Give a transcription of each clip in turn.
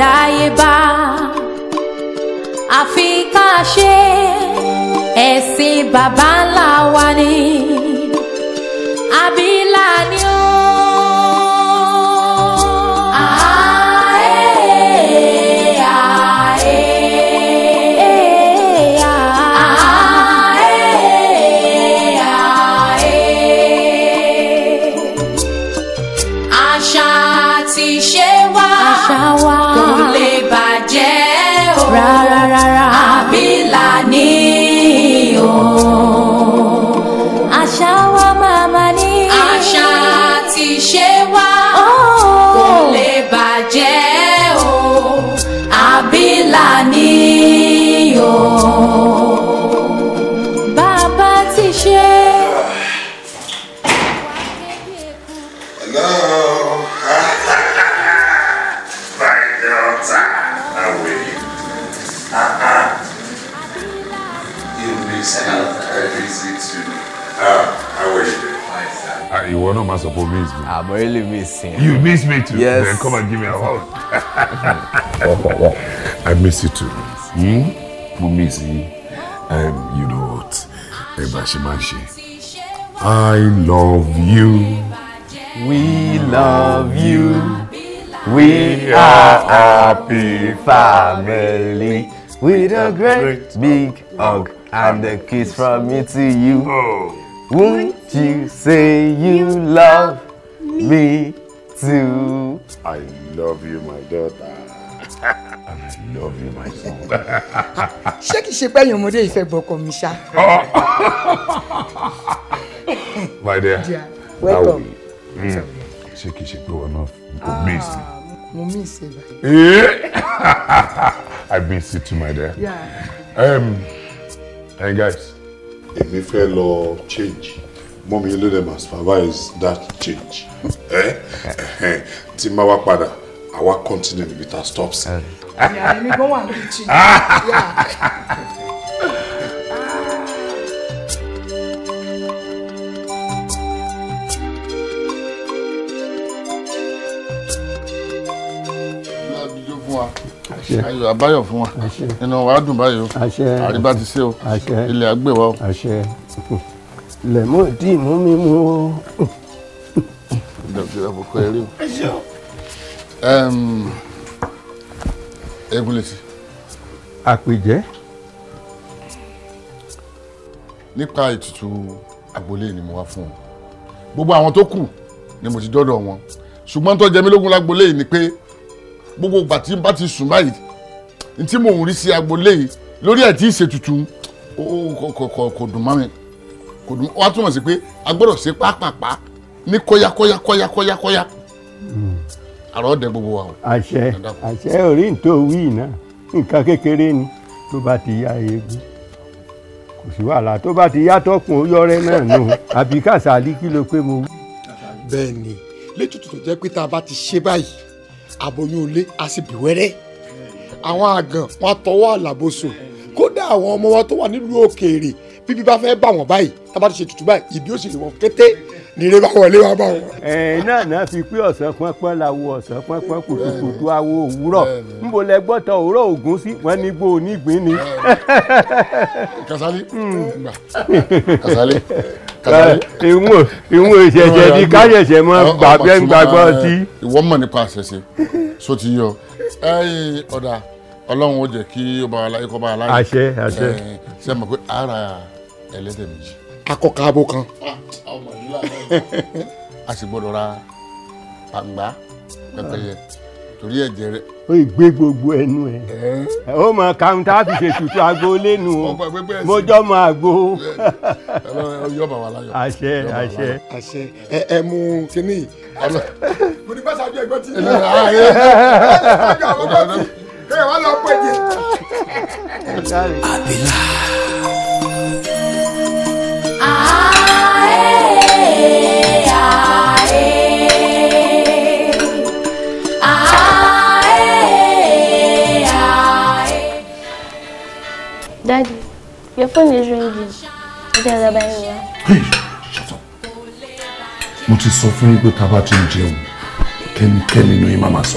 àdáyébá àfi ká ṣe ẹ̀sìn baba ńlá wa ni. I'm really missing. You miss me too? Yes. Then come and give me a hug. I miss you too. Hmm? miss you. Um, you know what? Ebashimanshi. I love you. We love you. We are happy family. With a great big hug and a kiss from me to you. Oh. Won't you say you love Me too. I love you, my daughter. I love you, my son. Ṣé kìí ṣe your ẹ̀yin ọmọdé ìfẹ́ gbọ́kọ mi ṣá? My dear, dear welcome. Ṣé kìí ṣe pé wọn náà kò miss me? Ah, mo miss ẹ eh? I miss you too, my dear. Yeah. Um, hey guys, èmi fẹ́ lọ change mọ́mi ló dẹ̀ máa supervise that change eh? Eh, tí máa wá padà àwa continue níbi tá a stop sí. ìyá ẹni gbọ́n wà ní kitchen. ayọ̀ àbáyọ̀ fún wa inú wa dùn báyìí o àríbá ti ṣe o ilé àgbè wa o lẹ́mọ̀ tí mú mi mú o. dr abuko eri egulesi. àpèjẹ. nípa ètùtù agboolé ni mo wá fún ọ gbogbo àwọn tó kù ni mo ti dọ́dọ̀ wọn ṣùgbọ́n tó jẹ mí lógún lágboolé yìí ni pé gbogbo ìgbà tí n bá ti sùn báyìí n tí mò ń rí sí agboolé yìí lórí ẹ̀ tí ì ṣètùtù ó kò kò kò dùn mọ́ mi kò dùn wá túmọ̀ sí pé a gbọ́dọ̀ ṣe pápápá ní kọ́yákọ́yá kọ́yákọ́yá kọ́yá àrọ́ dẹ gbogbo wa o. àṣẹ àṣẹ orí ntò wíì náà nǹkan kékeré ni tó bá ti yá eegun kò sí wàhálà tó bá ti yá tọkùn ó yọrẹ náà nù àbí kàṣàlí kí ló pé mo wí. bẹ́ẹ̀ ni létùtù tó jẹ́ pé tá a bá ti ṣe báyìí àbóyún ilé a sì bì wẹ́rẹ́ àwọn àgàn wọn tọwọ́ àlàbòsùn kódà àwọn ọmọ wa tó wà nílùú òkèèrè bíbí bá fẹ́ bà wọ́n báyìí tábà ti ṣe tutù báyìí ìbí ó sì lè wọ́n kété nìrè bá wọlé wá bá wọn. ẹ̀yin náà náà fi pé ọ̀sán pọ́npọ́n la ọ̀sán pọ́npọ́n kùtùkùtù awo òwúrọ̀ níbo lẹ gbọ́tọ̀ òwúrọ̀ ògún sí wọn ní gbó onígbín ni. Kasali Kasali Kasali. ìwọ̀n ìwọ̀n ìṣẹ̀ṣẹ̀ ni káyẹ̀ṣẹ̀ mọ́ gbàgbẹ́ gbàgbọ́ ti. ìwọ́n mọ̀ nípa àṣẹṣe so ti yọ ẹ̀yin ọ̀dà ọlọ́run ó jẹ́ kí ó bá wa láyé kó bá wa láyé. àṣẹ àṣẹ. ṣe mọ̀ pé ara ẹlẹ́dẹ̀ méjì. akọ káàbọ̀ kan. a sì gbọ́dọ̀ ra pàǹgbá pẹ́pẹ́yẹ torí ẹ̀jẹ̀ rẹ̀. o ì gbé gbogbo ẹnu ẹ ó mọ kàńtà fi ṣètùtù aago lẹ́nu o mo jọ mọ aago. àṣẹ àṣẹ. àṣẹ ẹ ẹ mú kínní. mo ní bá ṣáájú ẹgbẹ́ tí ẹ wá lọ pẹ jẹ. àbílà. ààyè ààyè. Daddy, your phone is ringing. There's a bell. Hey, shut up. Mo ti sọ fún yín pé tá a bá ti ń jẹun, kẹ́nikẹ́ni ni yín máa máa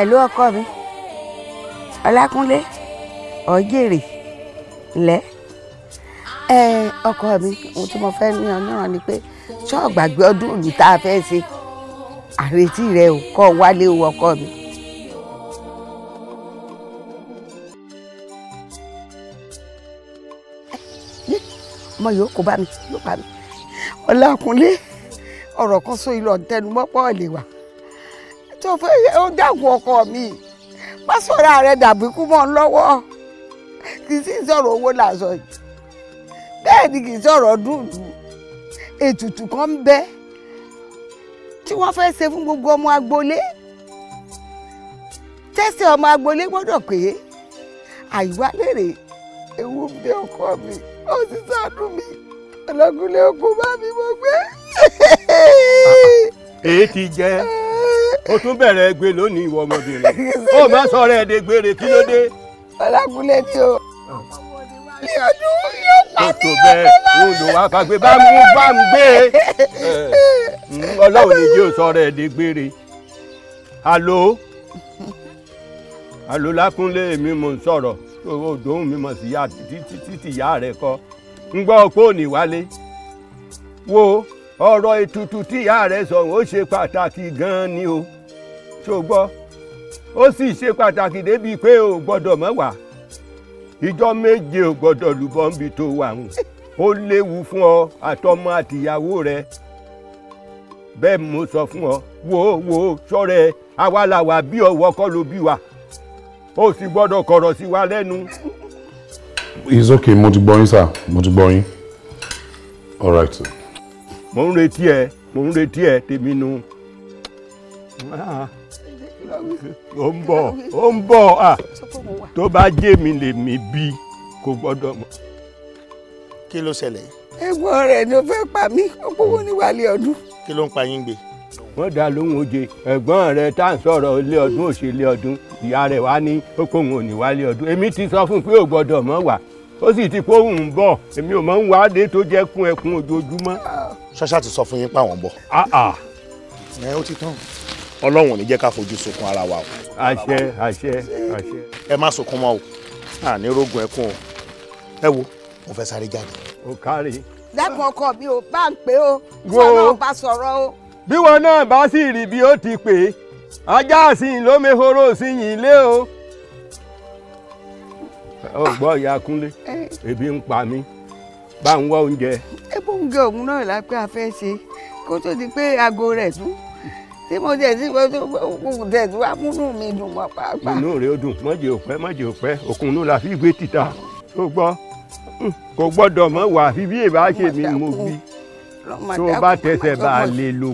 ẹ̀lú ọkọ mi ọlákúnlé ọ̀jèrè ńlẹ́ ẹ ọkọ mi ohun tí mo fẹ́ ní ọ̀nà ni pé ṣọ́ọ̀gbàgbé ọdún òní tá a fẹ́ ṣe àrètí rẹ ò kọ́ wálé o ọkọ mi. ọmọ yìí ó kó bá mi ló bá mi ọlákúnlé ọ̀rọ̀ kan sóyún lọ tẹnumọ́ pọ́ọ̀lì wà tó fẹ́ ó dàgùn ọkọ mi má sọ̀rọ̀ rẹ dàbí kú mọ́ ọ lọ́wọ́ kì í sì sọ̀rọ̀ owó làásọ yìí bẹ́ẹ̀ ni kì í sọ̀rọ̀ dùndù ètùtù kan ń bẹ tí wọ́n fẹ́ ṣe fún gbogbo ọmọ agboolé tẹ́sẹ̀ ọmọ agboolé gbọ́dọ̀ pé àyíwá lèrè ewu ń bẹ ọkọ mi ó sì sọdún mi ọlọ́gùnlé okùn bá mi mo gbé. Ah, ah. èyí ti jẹ́. Ah. o tún bẹ̀rẹ̀ egbe lónìí ìwọ ọmọbìnrin o má sọ gbére kí ló dé. ọlákùnlé o yóò gbére. alo alo lákúnlé mi mò ń sọ̀rọ̀ odòun mi mọ̀ títí ń gbọ́ pé wo ọ̀rọ̀ ètùtù tí ìyá sọ̀rọ̀ ó ṣe pàtàkì gan ni o. ṣó ó sì ṣe pàtàkì débi pé o gbọ́dọ̀ mọ́ wà ìjọ méje o gbọ́dọ̀ lùbọ́ níbi tó wà ń ó léwu fún ọ àtọmọ àtìyàwó rẹ bẹ́ẹ̀ mo sọ fún ọ wo wo ṣọ́rẹ́ àwa bí ọwọ́ kọ́ ló bí wa ó sì gbọ́dọ̀ kọ̀rọ̀ sí wa lẹ́nu. it's okay mo ti gbọ́ sir mo ti gbọ́ all right sir. mo ń retí ẹ mo ń retí ẹ tèmi nu. Ah ó ń bọ̀ ó ń bọ̀ à tó bá jẹ́ mi lè mi bí kò gbọ́dọ̀ mọ̀. kí ló ṣẹlẹ̀. ẹ̀gbọ́n rẹ̀ ló fẹ́ pa mí ó gbowó ní ọdún. kí ló ń pa yín gbé. wọ́n dá lóhùn oje ẹ̀gbọ́n rẹ̀ tá à ń sọ̀rọ̀ ilé ọdún òṣèlé ọdún ìyá rẹ̀ wá ní okòwò òní ọdún èmi ti sọ fún un pé ò gbọ́dọ̀ mọ̀ wá ó sì ti kóhùn ń bọ̀ èmi ò mọ̀ ń wá dé tó jẹ́ kún ẹkún ojoojúmọ́. ṣọ́ṣà ti sọ fún yín pé bọ̀. Ah, ah. ẹ ó ti tán ọlọ́run ò ní jẹ́ ká fojú sunkún ara wa o. àṣẹ àṣẹ àṣẹ. ẹ má sunkún mọ́ o àní rogun ẹkún o ẹ wo mo fẹ́ sáré jáde. o kárí. lẹ́kùn ọkọ mi ò bá ń pé o tí náà bá sọ̀rọ̀ o. bí wọn náà bá sì rí bí ó ti pè é ajá àsìn ló mehoro sí yìí lé o. ọgbọ́n ìyá kúnlé ebi ń pa mí bá ń wá oúnjẹ. ẹ bó gé òun náà lápẹ́ afẹ́ ṣe kó tó di pé aago rẹ̀ tún tí mo jẹ sí gbogbo tẹ tí wàá múnú mi dùn mọ pàápàá. inú rẹ ó dùn mọ̀jẹ̀ òpẹ́ mọ̀jẹ̀ òpẹ́ òkun ló la fi gbé títà tó gbọ́ kò gbọ́dọ̀ mọ̀ wà fi bí èèbá ṣe mi mo bí tó bá tẹsẹ̀ bá a lè lò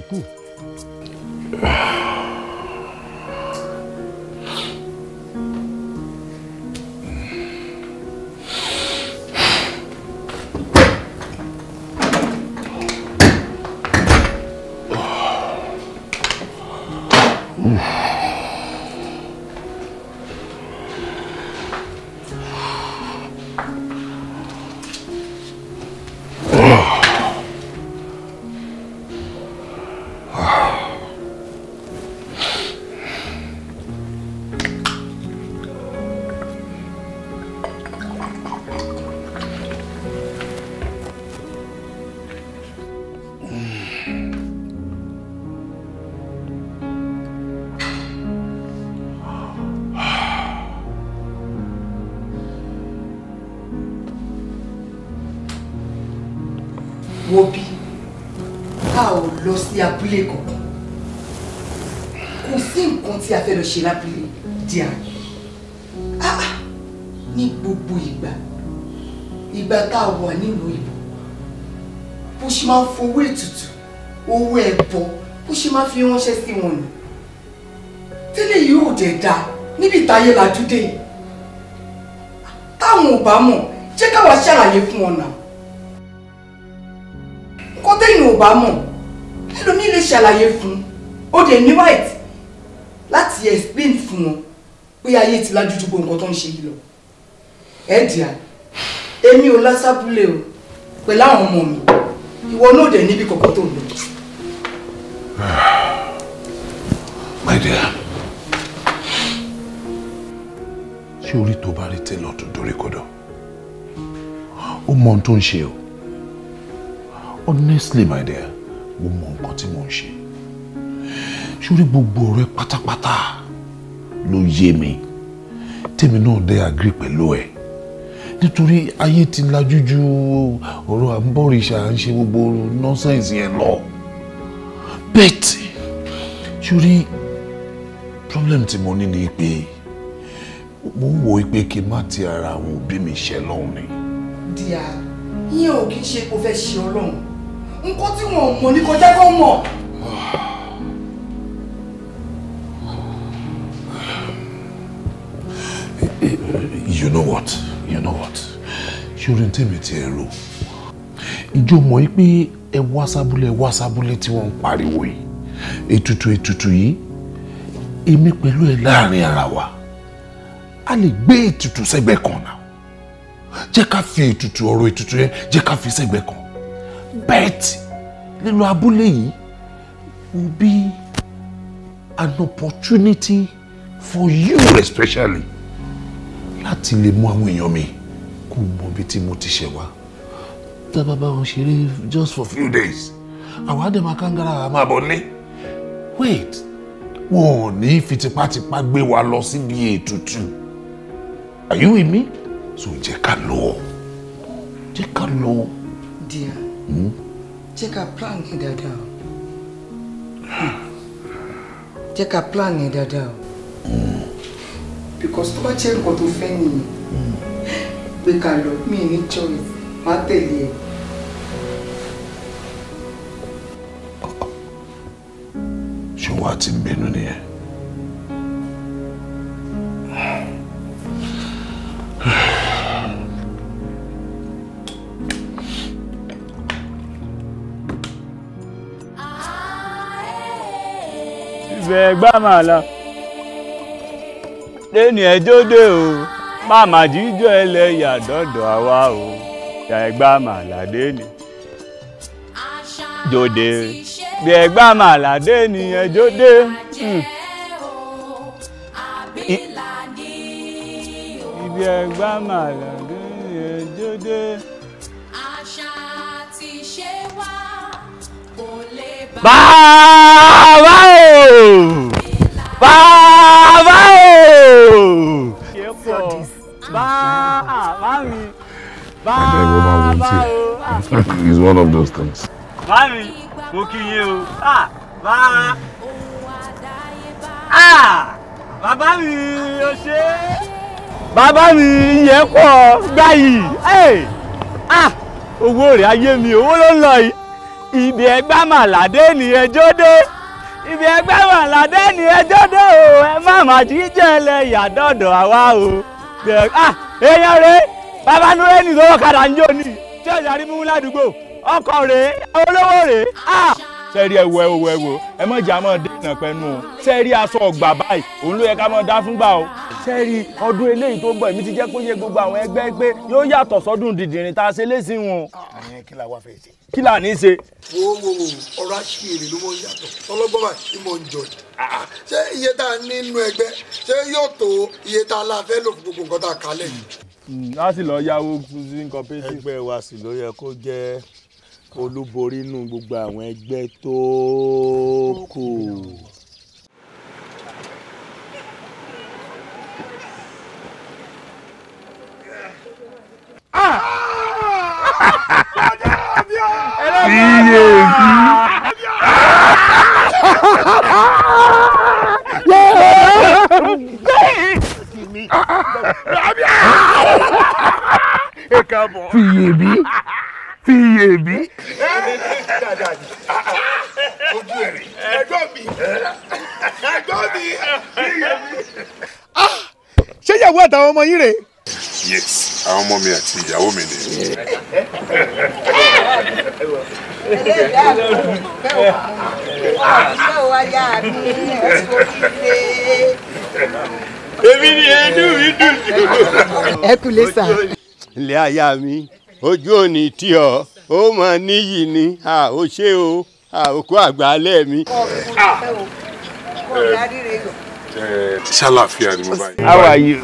lọ ṣe lábúlé di àyè ah, ah ní gbogbo ìgbà ìgbà tá a wà nílùú ìbò bó ṣe máa ń fowó ètùtù owó ẹ̀bọ bó ṣe máa fi ránṣẹ́ sí wọn nù tẹ́lẹ̀ yóò dẹ̀ dáa níbi ìtayé làdúdé táwọn ò bá mọ̀ jẹ́ káwa ṣàlàyé fún wọn náà nǹkan tẹ́yìn ò bá mọ̀ ẹlòmíì lè ṣàlàyé fún ó ní right fún wọn pé ayé ti lájú ju gbogbo nǹkan tó ń ṣe yìí lọ ẹ dìá èmi ò lásàpúlẹ̀ o pẹ̀lú àwọn ọmọ mi ìwọ náà dẹ̀ níbi kọ̀ọ̀kan tó lọ. my dear ṣé orí tó bá rí tẹ́lọ̀ tó dorí kodò ó mọ ohun tó ń ṣe o honestly my dear mo mọ nǹkan tí mo ń ṣe ṣé orí gbogbo ọ̀rẹ́ pátápátá ló yé mi tèmi náà dé agree pẹ̀lú ẹ̀ nítorí ayé ti lajú ju ọ̀rọ̀ àbọ̀rìṣà ń ṣe gbogbo nọ́sẹ̀nsì yẹn lọ bet sórí problem tí mo ní ni pé mo ń wo pé kí n má ti ara àwọn òbí mi ṣe lọ́hùn ni. díà yín ò kí ń ṣe kó fẹ́ ṣe ọlọ́run nǹkan tí wọn ò mọ̀ ní kọjá kó mọ̀. Ah. you know what you know what ṣorí tèmi ti ẹ rò ìjọ mọ̀ yí pé ẹ wá sábúlé ẹ wá sábúlé tí wọ́n ń pariwo yìí ètùtù ètùtù yìí èmi pẹ̀lú ẹ láàrin ara wa a lè gbé ètùtù sẹ́gbẹ̀ẹ́ kan náà jẹ́ ká fi ètùtù ọ̀rọ̀ ètùtù yẹn jẹ́ ká fi sẹ́gbẹ̀ẹ́ kan bet lílo abúlé yìí will be an opportunity for you especially láti lè mú àwọn èèyàn mi kó mọ bí tí mo ti ṣẹ̀ wá tá a bá bá wọn ṣeré just for few days àwọn àdèmọ akángara àmọ àbọ̀ ní wait wọn ò ní fi tipátipá gbé wa lọ síbi ètùtù are you with me so jẹ́ ká lọ jẹ́ ká lọ. dear hmm? jẹ́ ká plan yẹn dáadáa o jẹ́ ká plan yẹn dáadáa o. Hmm because tó bá jẹ́ nǹkan tó fẹ́ nìyẹn hmm. pé ká lọ mí ní choice má tẹ̀lé ẹ. ṣé wọn á ti bínú nìyẹn. Ìfẹ́ màá lọ lẹ́nu ẹjọ́ dé o màmá jíjọ ẹlẹ́yà dọ́dọ̀ àwa o ẹgbà màlàdé ni jòdè bí ẹgbà màlàdé ni ẹjọ́ dé. ibi hmm. ẹgbà màlàdé ni ẹjọ́ dé. àṣà ti ṣe wá kò lè bá. o bàbá o. Baba, mi Baba, o. it's one of those things. Mami, mo kí yín o. Ah, bá. Ah, bàbá mi ò ṣe. Bàbá mi yẹ pọ̀ gbáyì. Ah, owó rẹ̀ ayé mi, owó ló ń lọ yìí. Ìbí ẹgbàá màlàdé nìyẹn jó dé. ibi ẹgbẹ́ wà ládé ní ẹjọ́ dé o ẹ má má jíjẹ́ lẹ yàdọ̀dọ̀ àwa o. èèyàn rèé bàbá nuwé ní ìlú ọkadà ń jó ni tí ó yàrá mímú ládùúgbò ọkọ rèé olówó rèé. sẹ́rí ẹ̀wò ẹ̀wò ẹ̀wò ẹ mọ̀ jà mọ̀ dènà pẹ̀lú o sẹ́rí aṣọ ọ̀gbà báyìí òun ló yẹ ká mọ̀ dá fúngbà o sẹ́rí ọdún eléyìí tó bọ̀ èmi ti jẹ́ kó yẹ gbogbo àwọn ẹgbẹ́ pé yóò yàtọ̀ sọ́dún dìdìrín tá a ṣe léṣin wọn. kí la wá fẹ́ ṣe. kí la ní í ṣe. wo wo wo ọ̀rọ̀ àṣìírí ló mọ̀ yàtọ̀ ọlọ́gbọ́n bá ti mọ̀ ń jọ ah, ah. ṣé iye tá a ní inú ẹgbẹ́ ṣé yóò tó iye tá a la fẹ́ lò fún gbogbo nǹkan tá a kalẹ̀ yìí. Hmm, a sì lọ yáwó sí nǹkan pé. ẹgbẹ́ wa sì ló yẹ kó jẹ́ olúborí nínú gbogbo àwọn ẹgbẹ́ tó kù. Fiyebi fi iye bí. ojú ah, ẹ̀rìn ẹ̀gbọ́n mi ẹ̀gbọ́n mi fi iye bí. ṣé ìyàwó àtàwọn ọmọ yín rèé. yes àwọn ọmọ mi àti ìyàwó mi ni. èmi ni ẹnu mi dùn jù. ẹ kú lè sà. ilé aya mi ojú òní tí ọ ó mọ níyì ni a ò ṣe o a ò kó àgbà alẹ́ mi. ṣàlàfíà ni mo bá yẹ. how are you.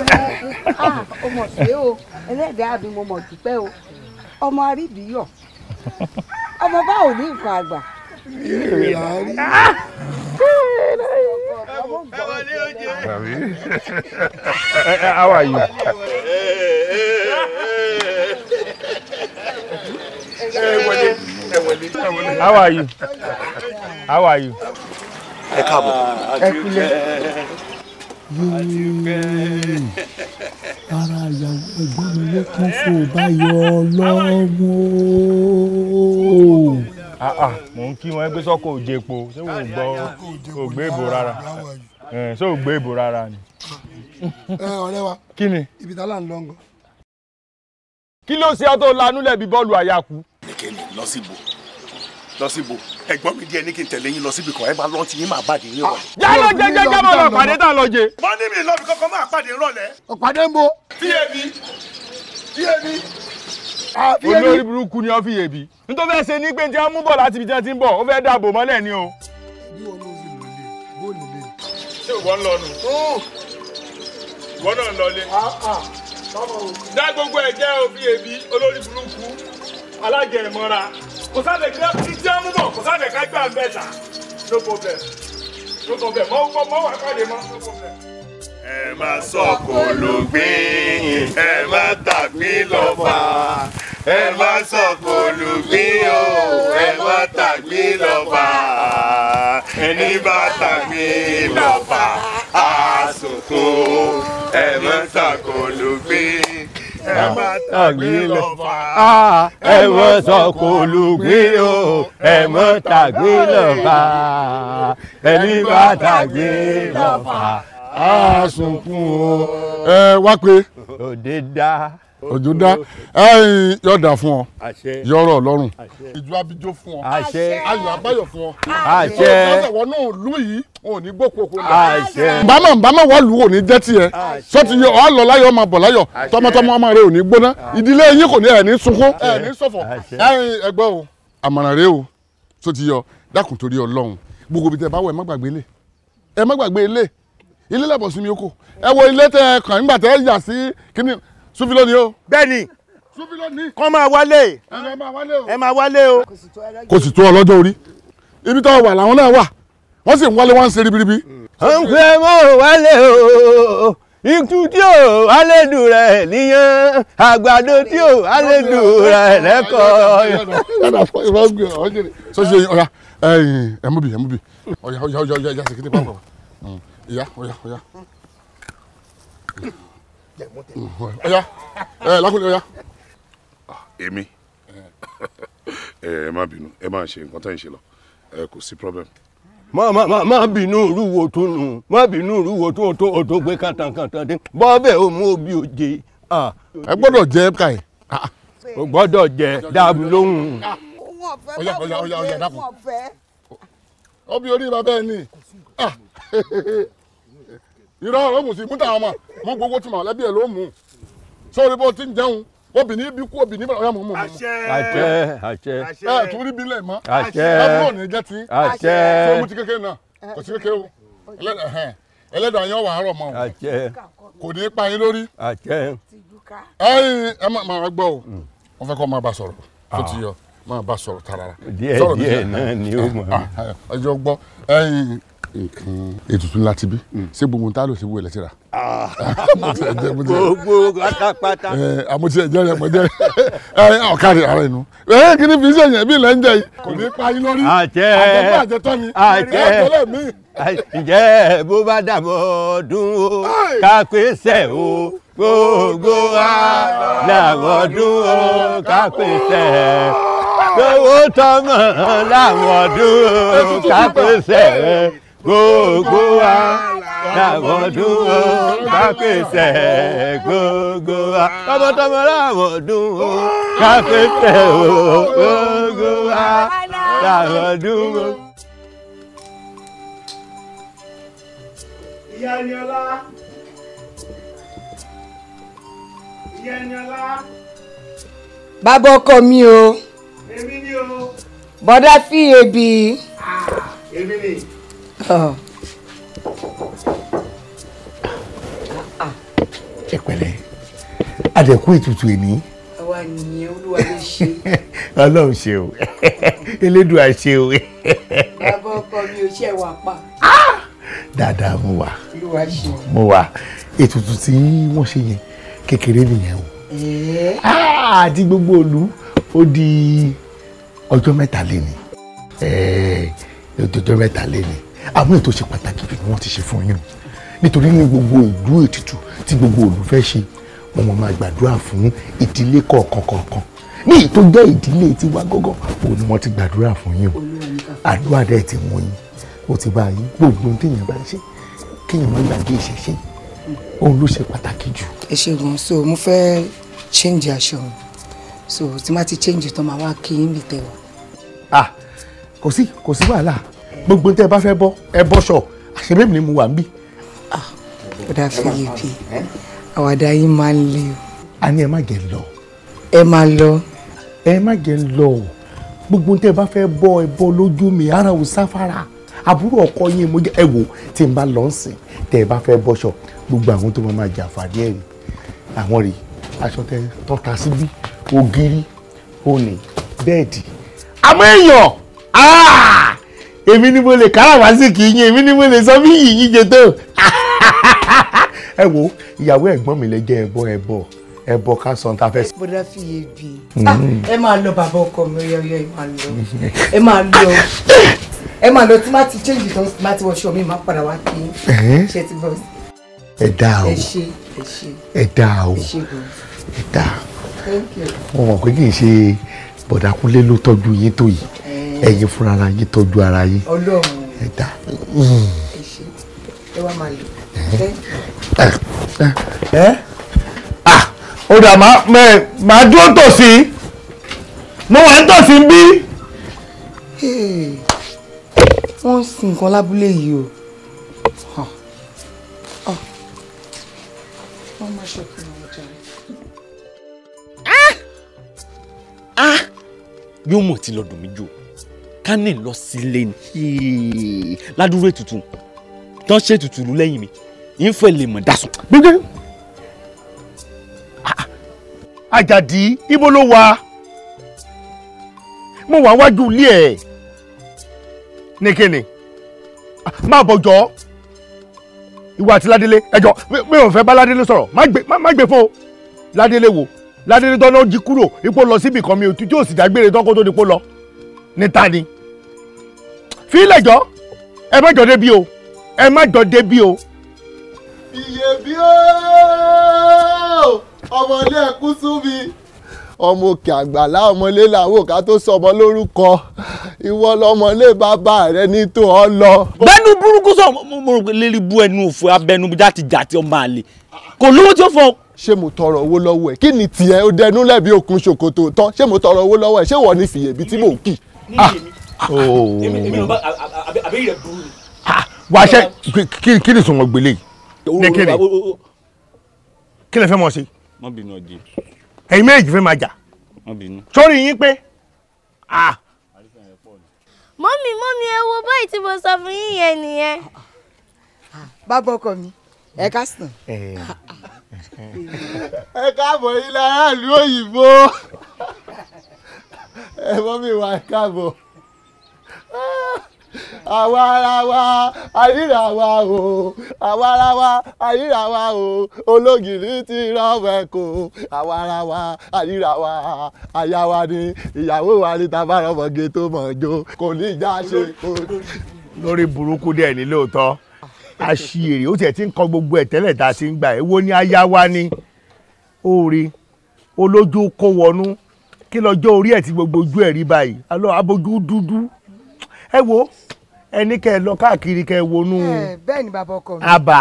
ọmọ ìwé o ẹlẹ́dàá mi mo mọ̀ dúpẹ́ o ọmọ arídìíyọ̀ ọmọ bá ò ní nǹkan àgbà. how are you. How are you? How are you? Ẹ káàbọ̀. Ẹ kúlẹ̀. Ara ìyàwó ẹ̀gbọ́n mi ló kún fún ọba yọ lọ́wọ́. Ah, ah, mò ń kí wọn ẹgbẹ́ sọ́kò ṣé wò ó gbọ́ gbé ìbò rárá ṣé gbé ìbò rárá ni. Ọ̀rẹ́ wa. tó lanú bí bọ́ọ̀lù àyàkú? kẹ̀kẹ́ ni lọ síbo lọ síbo ẹ̀gbọ́n mi díẹ̀ ní kí n tẹ̀lé yín lọ síbi kan ẹ bá lọ́ọ́ tí yín máa bàdé yín wà. Ah, jálọ jẹjẹ jábọ lọ pàdé tá a lọ jẹ. wọ́n ní mi lọ́bi kankan máa pàdé rọ̀lẹ́. ọ̀pàdé ń bo. fíyebi fíyebi. Ah, olórí burúkú ni ó fíyebi nítorí fẹ́ ṣe ní pé tí mú bọ̀ láti ibi tí wọ́n ti ń bọ̀ ó fẹ́ dàbò mọ́lẹ̀ ni o. ṣé ìwọ ń lọ nù? Oh! ìwọ náà ń lọ lé. Ah, dá gbogbo ẹ̀ jẹ́ òfin èbí olórí burúkú alájẹ ìmọ̀ra kò sáfẹ̀ kí wọ́n ti jẹ́ mú bọ̀ kò sáfẹ̀ ká gbà bẹ́ẹ̀ tà no problem no problem mọ́ mọ́ mọ́ wà pàdé mọ́ no problem. ẹ má sọkò ló gbìn ẹ má tàbí lọ́fà ẹ má sọkò ló gbìn o ẹ má tàbí lọ́fà ẹni bá tàbí lọ́fà àsòkò ẹ má sọkò ló gbìn ẹ má tàgbé lọ́fà. Ah, ẹ mọ sọ kò lùgbé o ẹ mọ tàgbé lọ́fà. ẹni bá tàgbé lọ́fà á sunkún o. ẹ wá pé. òde dá òjò dá ẹyìn yọ̀dà fún ọ yọ̀rọ̀ ọlọ́run ìjọ abijó fún ọ ayọ̀ abáyọ̀ fún ọ àṣẹ ọ̀sẹ̀wọ̀ náà lù yìí ò ní gbókò kó lọ. bámọ̀ bámọ̀ wọ́n lù ú ò ní jẹ́ tiẹ̀ sọ́tì yọ ọ́ lọ láyọ̀ ọmọ bọ̀ láyọ̀ tọmọtọmọ ọmọ rẹ ò ní gbóná ìdílé yín kò ní ẹ̀ ní sunkún ẹ̀ ní ṣọ̀fọ̀ ẹ̀yin ẹgbẹ́ o àmọ̀ràn rẹ o sọ́tì yọ dákun torí ọlọ́run gbogbo ibi tẹ bá wọ ẹ má gbàgbé ilé ẹ má gbàgbé ilé ilé lẹ́bọ̀ sí mi oko ẹ wo ilé tẹ kàn nígbà tẹ yà sí kíní Súfì lónìí o. bẹ́ẹ̀ni Súfì lónìí. kọ́ máa wálé ẹ máa wálé o. kò sì tó ọlọ́jọ́ orí ibi tó wà làwọn náà wà wọ́n sì ń wálé wọ́n ń ṣe ribiribi. ń fẹ́ mọ́ wálé o ikú tí ò alẹ́dùn rẹ̀ níyàn àgbàdo tí ò alẹ́dùn rẹ̀ lẹ́kọ̀ọ́. sọ ṣe ọya ẹyin ẹmúbi ẹmúbi ọya ọya ọya ọya ṣèkété pàápàá ọya ọya ọya jẹ̀mú tẹ̀mí. ọ̀yá ẹ̀ lákùnrin ọ̀yá. Ah, èmi ẹ má bínú ẹ má ṣe nǹkan tẹ́ ń ṣe lọ ẹ kò sí problem. má má má má bínú ìrúwo tó nù má bínú ìrúwo tó tó tó gbé kàtàkàtà dé bọ́ọ̀bẹ̀ ò mú òbí òjè. ẹ gbọ́dọ̀ jẹ ká ẹ. o gbọ́dọ̀ jẹ dáàbò lóhùn. ọ̀yá ọ̀yá ọ̀yá dákun. ọbí orí bàbá ẹ ní irọ́ ló mú sí mú táwọn ọmọ mú gbogbo tí màálẹ́ bí ẹ ló mú sórí bó ti ń jẹun obìnrin bí kú obìnrin bàlọ́ ọmọ mú. àṣẹ àṣẹ àṣẹ ẹ tún rí bílẹ̀ mọ́ àṣẹ ẹ̀fọ́ ní jẹ́ ti àṣẹ tó mú ti kékeré náà kò sí kékeré o ẹlẹ́dàá yẹn wà á rọ̀ mọ́ o àṣẹ kò ní í pa yín lórí àṣẹ ẹ̀yin ẹ máa gbọ́ o wọ́n mm. fẹ́ kọ́ máa bá sọ̀rọ̀ ah. tó ti yọ máa bá sọ̀rọ̀ tààrà díẹ̀ díẹ̀ náà ni ó mọ̀ ah, ah, ẹjọ́ gbọ́ nǹkan ètùtù ńlá ti bí hmm. ṣé gbogbo ta ló ṣe wọlé síra. gbogbo ah. pátápátá. àmúti ẹ̀jẹ̀ rẹ̀ mọ̀jẹ̀ rẹ̀ ọ̀kadì ara inú. ẹ̀ eh, kí ni fi ṣe yẹn bí ilẹ̀ yìí kò ní pa yín lórí àjẹ́ àjẹtọ́ ni àjẹ́ àjẹlẹ̀ bó bá dàbọ̀ ọdún o kápẹ́sẹ̀ o gbogbo wa làwọn ọdún o kápẹ́sẹ̀ lówó tọmọ làwọn ọdún o kápẹ́sẹ̀ gbogbo wa làwọ̀dún o ká pèsè gbogbo wa tọmọtọmọ làwọ̀dún o ká pèsè gbogbo wa làwọ̀dún o. ìyá ni ọlá ìyá ni ọlá. bàbá ọkọ mi o. èmi ni o. bọ́dá fi ebi. Ah, èmi ni ẹ pẹ̀lẹ́ adẹ̀kú ètùtù èní. àwa nìyẹn olúwa lè ṣe. ọlọ́run ṣe o elédùà ṣe o. bàbá ọkọ mi ò ṣe wà pa. dáadáa mo wà mo wà ètùtù tí wọ́n ṣe yẹn kékeré nìyẹn o. àti ah, gbogbo òlu ó di ọjọ́ mẹ́ta lé ní ọjọ́ mẹ́ta lé ní àwọn ètò ṣe pàtàkì jù ni wọ́n ti ṣe fún yín nítorí ní gbogbo ìlú ètùtù tí gbogbo òlù fẹ́ ṣe wọn mọ̀ máa gbàdúrà fún ìdílé kọ̀ọ̀kan kọ̀ọ̀kan ní èyí tó jẹ́ ìdílé tiwa gọ́gọ́ òun ni wọ́n ti gbàdúrà fún yín o àdúrà dẹ̀ ti wọ́n yín ó ti bá yín gbogbo téèyàn bá ń ṣe kéèyàn má gbàgbé ìṣẹ̀ṣe òun ló ṣe pàtàkì jù. ẹ ṣe gan so mo fẹ́ change aṣọ so tí má ti change tán máa wá kí n bìtẹ̀ wá. ah kò sí kò sí wàhálà gbogbo tẹ́ ẹ bá fẹ́ bọ́ ẹ bọ́ṣọ àṣebẹ́mi ni mo wà ń bì. ọ̀dà Philippe àwàdà yìí máa ń le o. a ní ẹ má jẹ lọ. ẹ má lọ. ẹ má jẹ lọ o gbogbo tẹ́ ẹ bá fẹ́ bọ́ ẹ bọ́ lójú mi ara ò sáfara àbúrò ọkọ yín mo jẹ ẹ wò tí n bá lọ ń sìn tẹ́ ẹ bá fẹ́ bọ́ṣọ gbogbo àwọn tó máa jà fàdí ẹ̀ rí àwọn rèé aṣọ tẹ tọ́ka síbí ògiri òní bẹ́ẹ̀dì àmọ́ èèyàn ah! èmi ni mo lè káràmásìkì yín èmi ni mo lè sọ bí yìí yín jẹ tó. ẹ wo ìyàwó ẹ̀gbọ́n mi lè jẹ́ ẹ̀bọ ẹ̀bọ ẹ̀bọ ká sọ ta fẹ́. bọ́dá fi yé bi mm. ah, ẹ máa lọ bàbá ọkọ mi ọyọyọ ẹ máa lọ ẹ máa lọ ẹ máa lọ tí má ti change tán má ti wọṣọ mi má padà wá kí ṣe ti bọ́. ẹ dáa o ẹ dáa o ẹ dáa o mo mọ̀ pé kì í ṣe bọ̀dákúnlé ló tọ́jú yín tó yìí ẹ̀yin fúnra ara yín tọ́jú ara yín ẹ dá. ó dà máa dúró tòsí mo wà ń tòsí ń bí. wọ́n ń sin nǹkan lábúlé yìí o. Ah. wọ́n máa ṣe ah! Ah! yóò mọ̀ tí lọ́dún mi jù kánì lọ sílé ni ládùúrú ètùtù tán ṣe ètùtù lù lẹ́yìn mi ìfẹ́ lè mọ̀ dasùn. gbẹgbẹ Àjàdí ibo ló wà mo wà wájú ilé ẹ nìkìnì má bọjọ ìwà àti ládélé ẹjọ mi ò fẹ́ bá ládélé sọ̀rọ̀ má gbé fún o ládélé wo ládélé tán náà jí kúrò ipò lọ síbì kan mi ò tí tí ò sì dágbére tán kó tó di pò lọ níta ni fílẹ̀jọ́ ẹ má jọ débi o ẹ má jọ débi o. ìyèbí ooo ọmọdé ẹkún sún mi ọmọ òkè àgbàlá ọmọlé làwọn òkà tó sọ ọmọ lórúkọ ìwọ lọmọlé bàbá rẹ ní tó ọ lọ. bẹ́ẹ̀ni burúkú sọ mo rò pé lérí bú ẹnu òfò abẹnu jáde jáde ọmọ àlè kò lówó tí ó fọ. ṣé mo tọrọ owó lọ́wọ́ ẹ̀ kí ni tiẹ̀ ó dẹnu lẹ́bi òkun ṣòkòtò tán ṣé mo tọrọ owó lọ́wọ́ ẹ̀ ṣé wọ́n ní fìyèbí tí mò ń kì wà á ṣe kí ni sọ̀rọ̀ gbélé ní kí ni kí lè fẹ́ mọ̀ sí. ẹ̀yin méjì fẹ́ máa jà sórí yín pé mọ́mí mọ́mí ẹ wo báyìí tí mo sọ fún yín yẹn nìyẹn. bàbá ọkọ mi ẹ ká sùn. ẹ káàbọ̀ yín lára ìlú òyìnbó ẹ mọ́mí wa ẹ káàbọ̀ àwa ara wa àríra wa o àwa ara wa àríra wa o ológìrì ti rọwẹ kò àwa ara wa àríra wa aya wa ni ìyàwó wa ni tá a bá rọmọge tó mọ̀ jó kò ní ìjà ṣe. lórí burúkú díẹ̀ ní lóòótọ́ àṣìírí ó tiẹ̀ ti ń kọ gbogbo ẹ̀ tẹ́lẹ̀ tá a ti ń gbà ẹ̀ wo ni aya wa ni ó rí olójú kó wọnú kí lọ́jọ́ orí ẹ̀ ti gbogbo ojú ẹ̀ rí báyìí alọ́ abojú dúdú ẹ wo ẹni kẹ ẹ lọ káàkiri kẹ ẹ wonú. bẹ́ẹ̀ ni bàbá ọkọ mi. àbà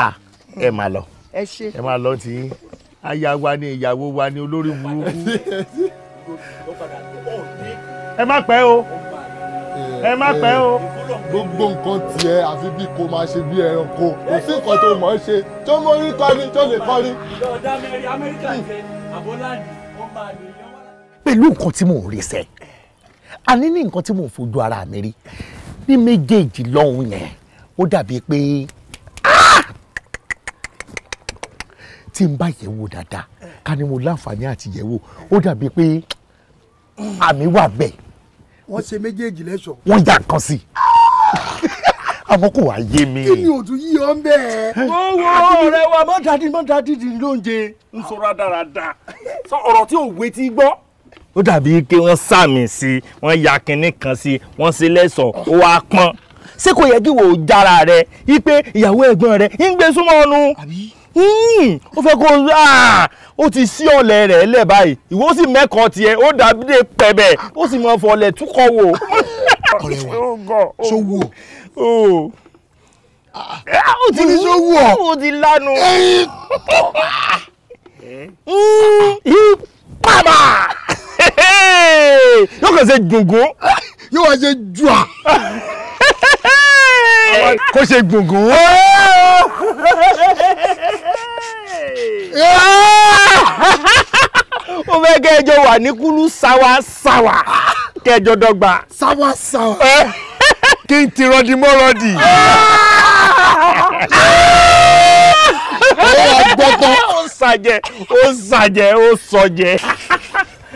ẹ máa lọ ẹ máa lọ tí aya wa ni ìyàwó wa ni olórí burúkú ẹ má pẹ́ o ẹ má pẹ́ o. gbogbo nǹkan tiẹ̀ àfi bí kò máa ṣe bí ẹranko kò sí nǹkan tó mọ̀ ọ́ ṣe tó mọ orí kọ́ni tó lè kọ́ni. pẹ̀lú nǹkan tí mò ń rí sẹ́ àní ní nǹkan tí mò ń fojú ara mi rí ní méjèèjì lọ́hùn yẹn ó dàbí pé ah! tí n bá yẹ̀wò dáadáa ká ní mo láǹfààní àti yẹ̀wò ó dàbí pé àmì wà bẹ́ẹ̀. wọ́n ṣe méjèèjì lẹ́sọ̀. wọ́n yà kan sí i àmọ́ kò wá yé mi. kí ni òtún yí ọ ń bẹ́ẹ̀. owó ọ̀rẹ́ wa mọ́tàdí mọ́tàdí ló ń jẹ ń sọ̀rọ̀ dáradára ọ̀rọ̀ tí ò wé ti gbọ́ ó dàbí pé wọ́n sàmì sí wọ́n ya kinní kan sí wọ́n ṣe lẹ́sọ̀ọ́ ó wá pọ́n ṣé kò yẹ kí wò ó jára rẹ wípé ìyàwó ẹ̀gbọ́n rẹ ń gbé súnmọ́ ọnu hmm, ó fẹ́ kó ó ti sí ọ̀lẹ̀ rẹ̀ lẹ̀ báyìí ìwọ sì mẹ́kọ̀ọ́ tiẹ̀ ó dàbí dé pẹ̀bẹ̀ ó sì mọ fọlẹ̀ túkọ̀ wò. ọ̀rẹ́ wa ṣó ah, wù ọ́ ó ti ṣó wù ọ́ ó ti lánu pàmà. yóò kàn ṣe gbòǹgbò. yóò wá ṣe jù à. kó ṣe gbòǹgbò. ó fẹ́ kẹ́ ẹjọ́ wà ní kúlú sáwásáwá kẹjọ dọ́gba. sáwásáwá. kí n ti rọdí mọ́ rọdí. ó wà gbọ́dọ̀. ó sàjẹ́ ó sàjẹ́ ó sọjẹ́.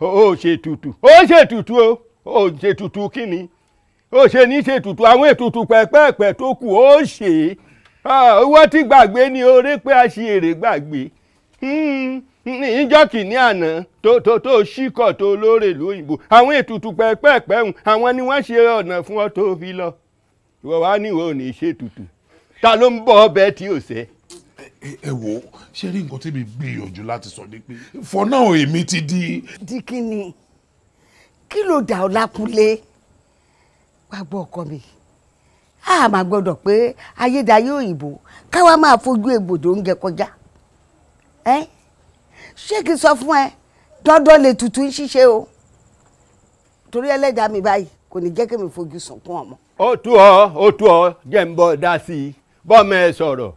ó ṣe Tutu. ó ṣe Tutu. o ó ṣe tutù kíni ó ṣe ní ṣe tutù àwọn ètùtù pẹ́ẹ́pẹ́ẹ́pẹ́ tó kù ó ṣe owó tí gbàgbé ni oore pé a ṣe èrè gbàgbé hmm, níjọ́ kìíní àná tó tó tó ṣíkọ̀ tó lóore lóyìnbó àwọn ètùtù pẹ́ẹ́pẹ́ẹ́pẹ́ hùn àwọn ni wọ́n ṣe ọ̀nà fún ọ tó fi lọ ìwọ wá ní ìwọ ò ní ṣe Tutu. ta ló ń bọ ọbẹ̀ tí ò sẹ́ẹ́ ẹ wò ó ṣé rí nǹkan tẹ́mi gbìyànjú láti sọ ni pé for now èmi ti di. di kí ni kí ló dà ọ́ lápúlé wàá gbọ́ ọkọ mi a máa gbọ́dọ̀ pé ayédáyé òyìnbó káwa máa fojú egbòdo oúnjẹ kọjá ẹ ṣé kí n sọ fún ẹ dandan lè tutù ń ṣiṣẹ́ o torí ẹlẹ́dàá mi báyìí kò ní jẹ́ kí mi fojú sunkún ọmọ. ó tú ọ ó tú ọ jẹ́ ń bọ́ dá sí i bọ́ mẹ́ ẹ sọ̀rọ̀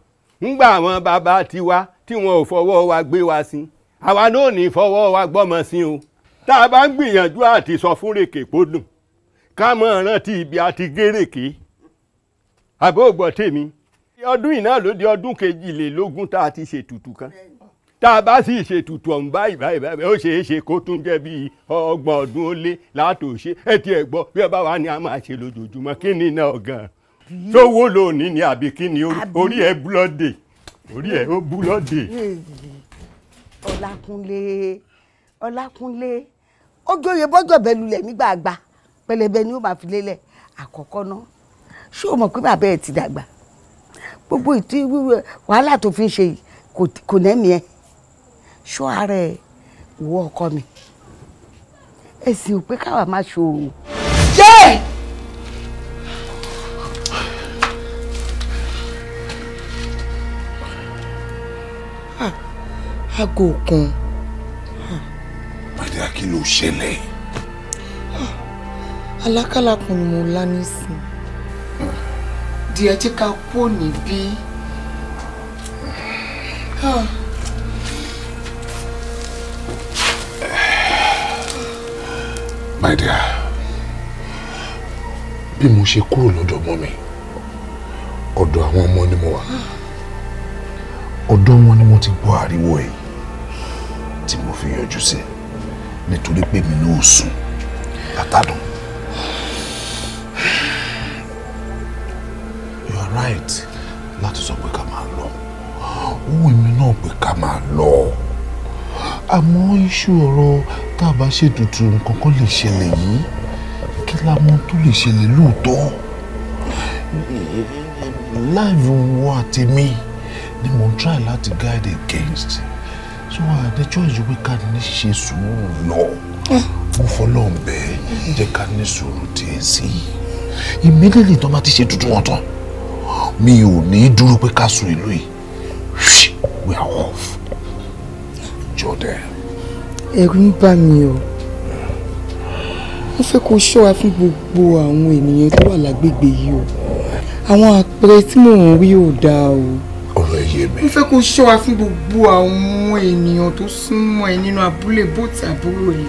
ńgbà àwọn bàbá tiwa tí wọn ò fọwọ́ wa gbé wa sí àwa náà ní fọwọ́ wa gbọ́mọ sí o tá a bá ń gbìyànjú àti sọ fún rèké kó dùn ká mọ̀ rántí ibi àti gérèké àbó gbọ́ tèmi ọdún yìí ló di ọdún kejìlélógún tá a ti ṣètùtù kan tá a bá sì ṣètùtù ọ̀hún báyìí báyìí báyìí ó ṣeé ṣe kó tún jẹ́ bíi ọgbọ̀n ọdún ó lé látòṣe ẹ tiẹ̀ gbọ́ bí ọba wa ni a máa ṣe lójoojúmọ́ kí ni náà gan sówó lónìí ni àbí kí ni orí ẹ búlọ́dè orí ẹ ó búlọ́dè. Ọlákúnlé Ọlákúnlé ó jóye bọ́jọ̀ bẹ́ẹ̀ lulẹ̀ nígbà àgbà pẹlẹbẹ ni ó máa fi lélẹ̀ àkọ́kọ́ náà ṣé o mọ̀ pé bàbá ẹ̀ ti dàgbà gbogbo ìtú wàhálà tó fi ń ṣe kò nẹ́mi ẹ̀ ṣọ́ ara ẹ̀ wọ ọkọ mi ẹ̀sìn ò pé káwa má ṣòro. jẹ́ aago òkun. Bàdé kí ló ṣẹlẹ̀? Alákàlàkùn ni mo lá nísìn. Díẹ̀ jẹ́ ká pò níbí. My dear, bí mo ṣe kúrò lọ́dọ̀ ọmọ mi, ọ̀dọ̀ àwọn ọmọ ni mo wà. Ọ̀dọ̀ wọn ni mo ti gbọ́ ariwo yìí tí mo fi yọjú sí nítorí pé mi náà sùn látàdùn. you are right láti sọ pé ká máa lọ owó èmi náà pé ká máa lọ àmọ́ iṣu ọ̀rọ̀ tá a bá ṣètùtù nǹkan kan lè ṣẹlẹ̀ yìí kí la mọ̀ tó lè ṣẹlẹ̀ lóòótọ́ láìwọ àtẹ̀mí ni mo ń try láti guide against so àdé choice wípé ká ní ṣe sùúrù lọ mo fọlọ́ bẹ́ẹ̀ jẹ́ ká ní sùúrù tiẹ̀ sí i immediately tó bá ti ṣe tuntun wọn tán mi ò ní dúró pé ká sun ìlú yìí we are off jọdẹ. ẹ̀rù ń bà mí o mo fẹ́ kó ṣọ́ra fún gbogbo àwọn ènìyàn tó wà lágbègbè yìí o àwọn àpẹẹrẹ tí mò ń rí ò dáa o ayé mi. mo fẹ́ kó ṣọ́ra fún gbogbo àwọn ènìyàn tó súnmọ́ ẹ nínú abúlé bóòtù àbúrò ẹ.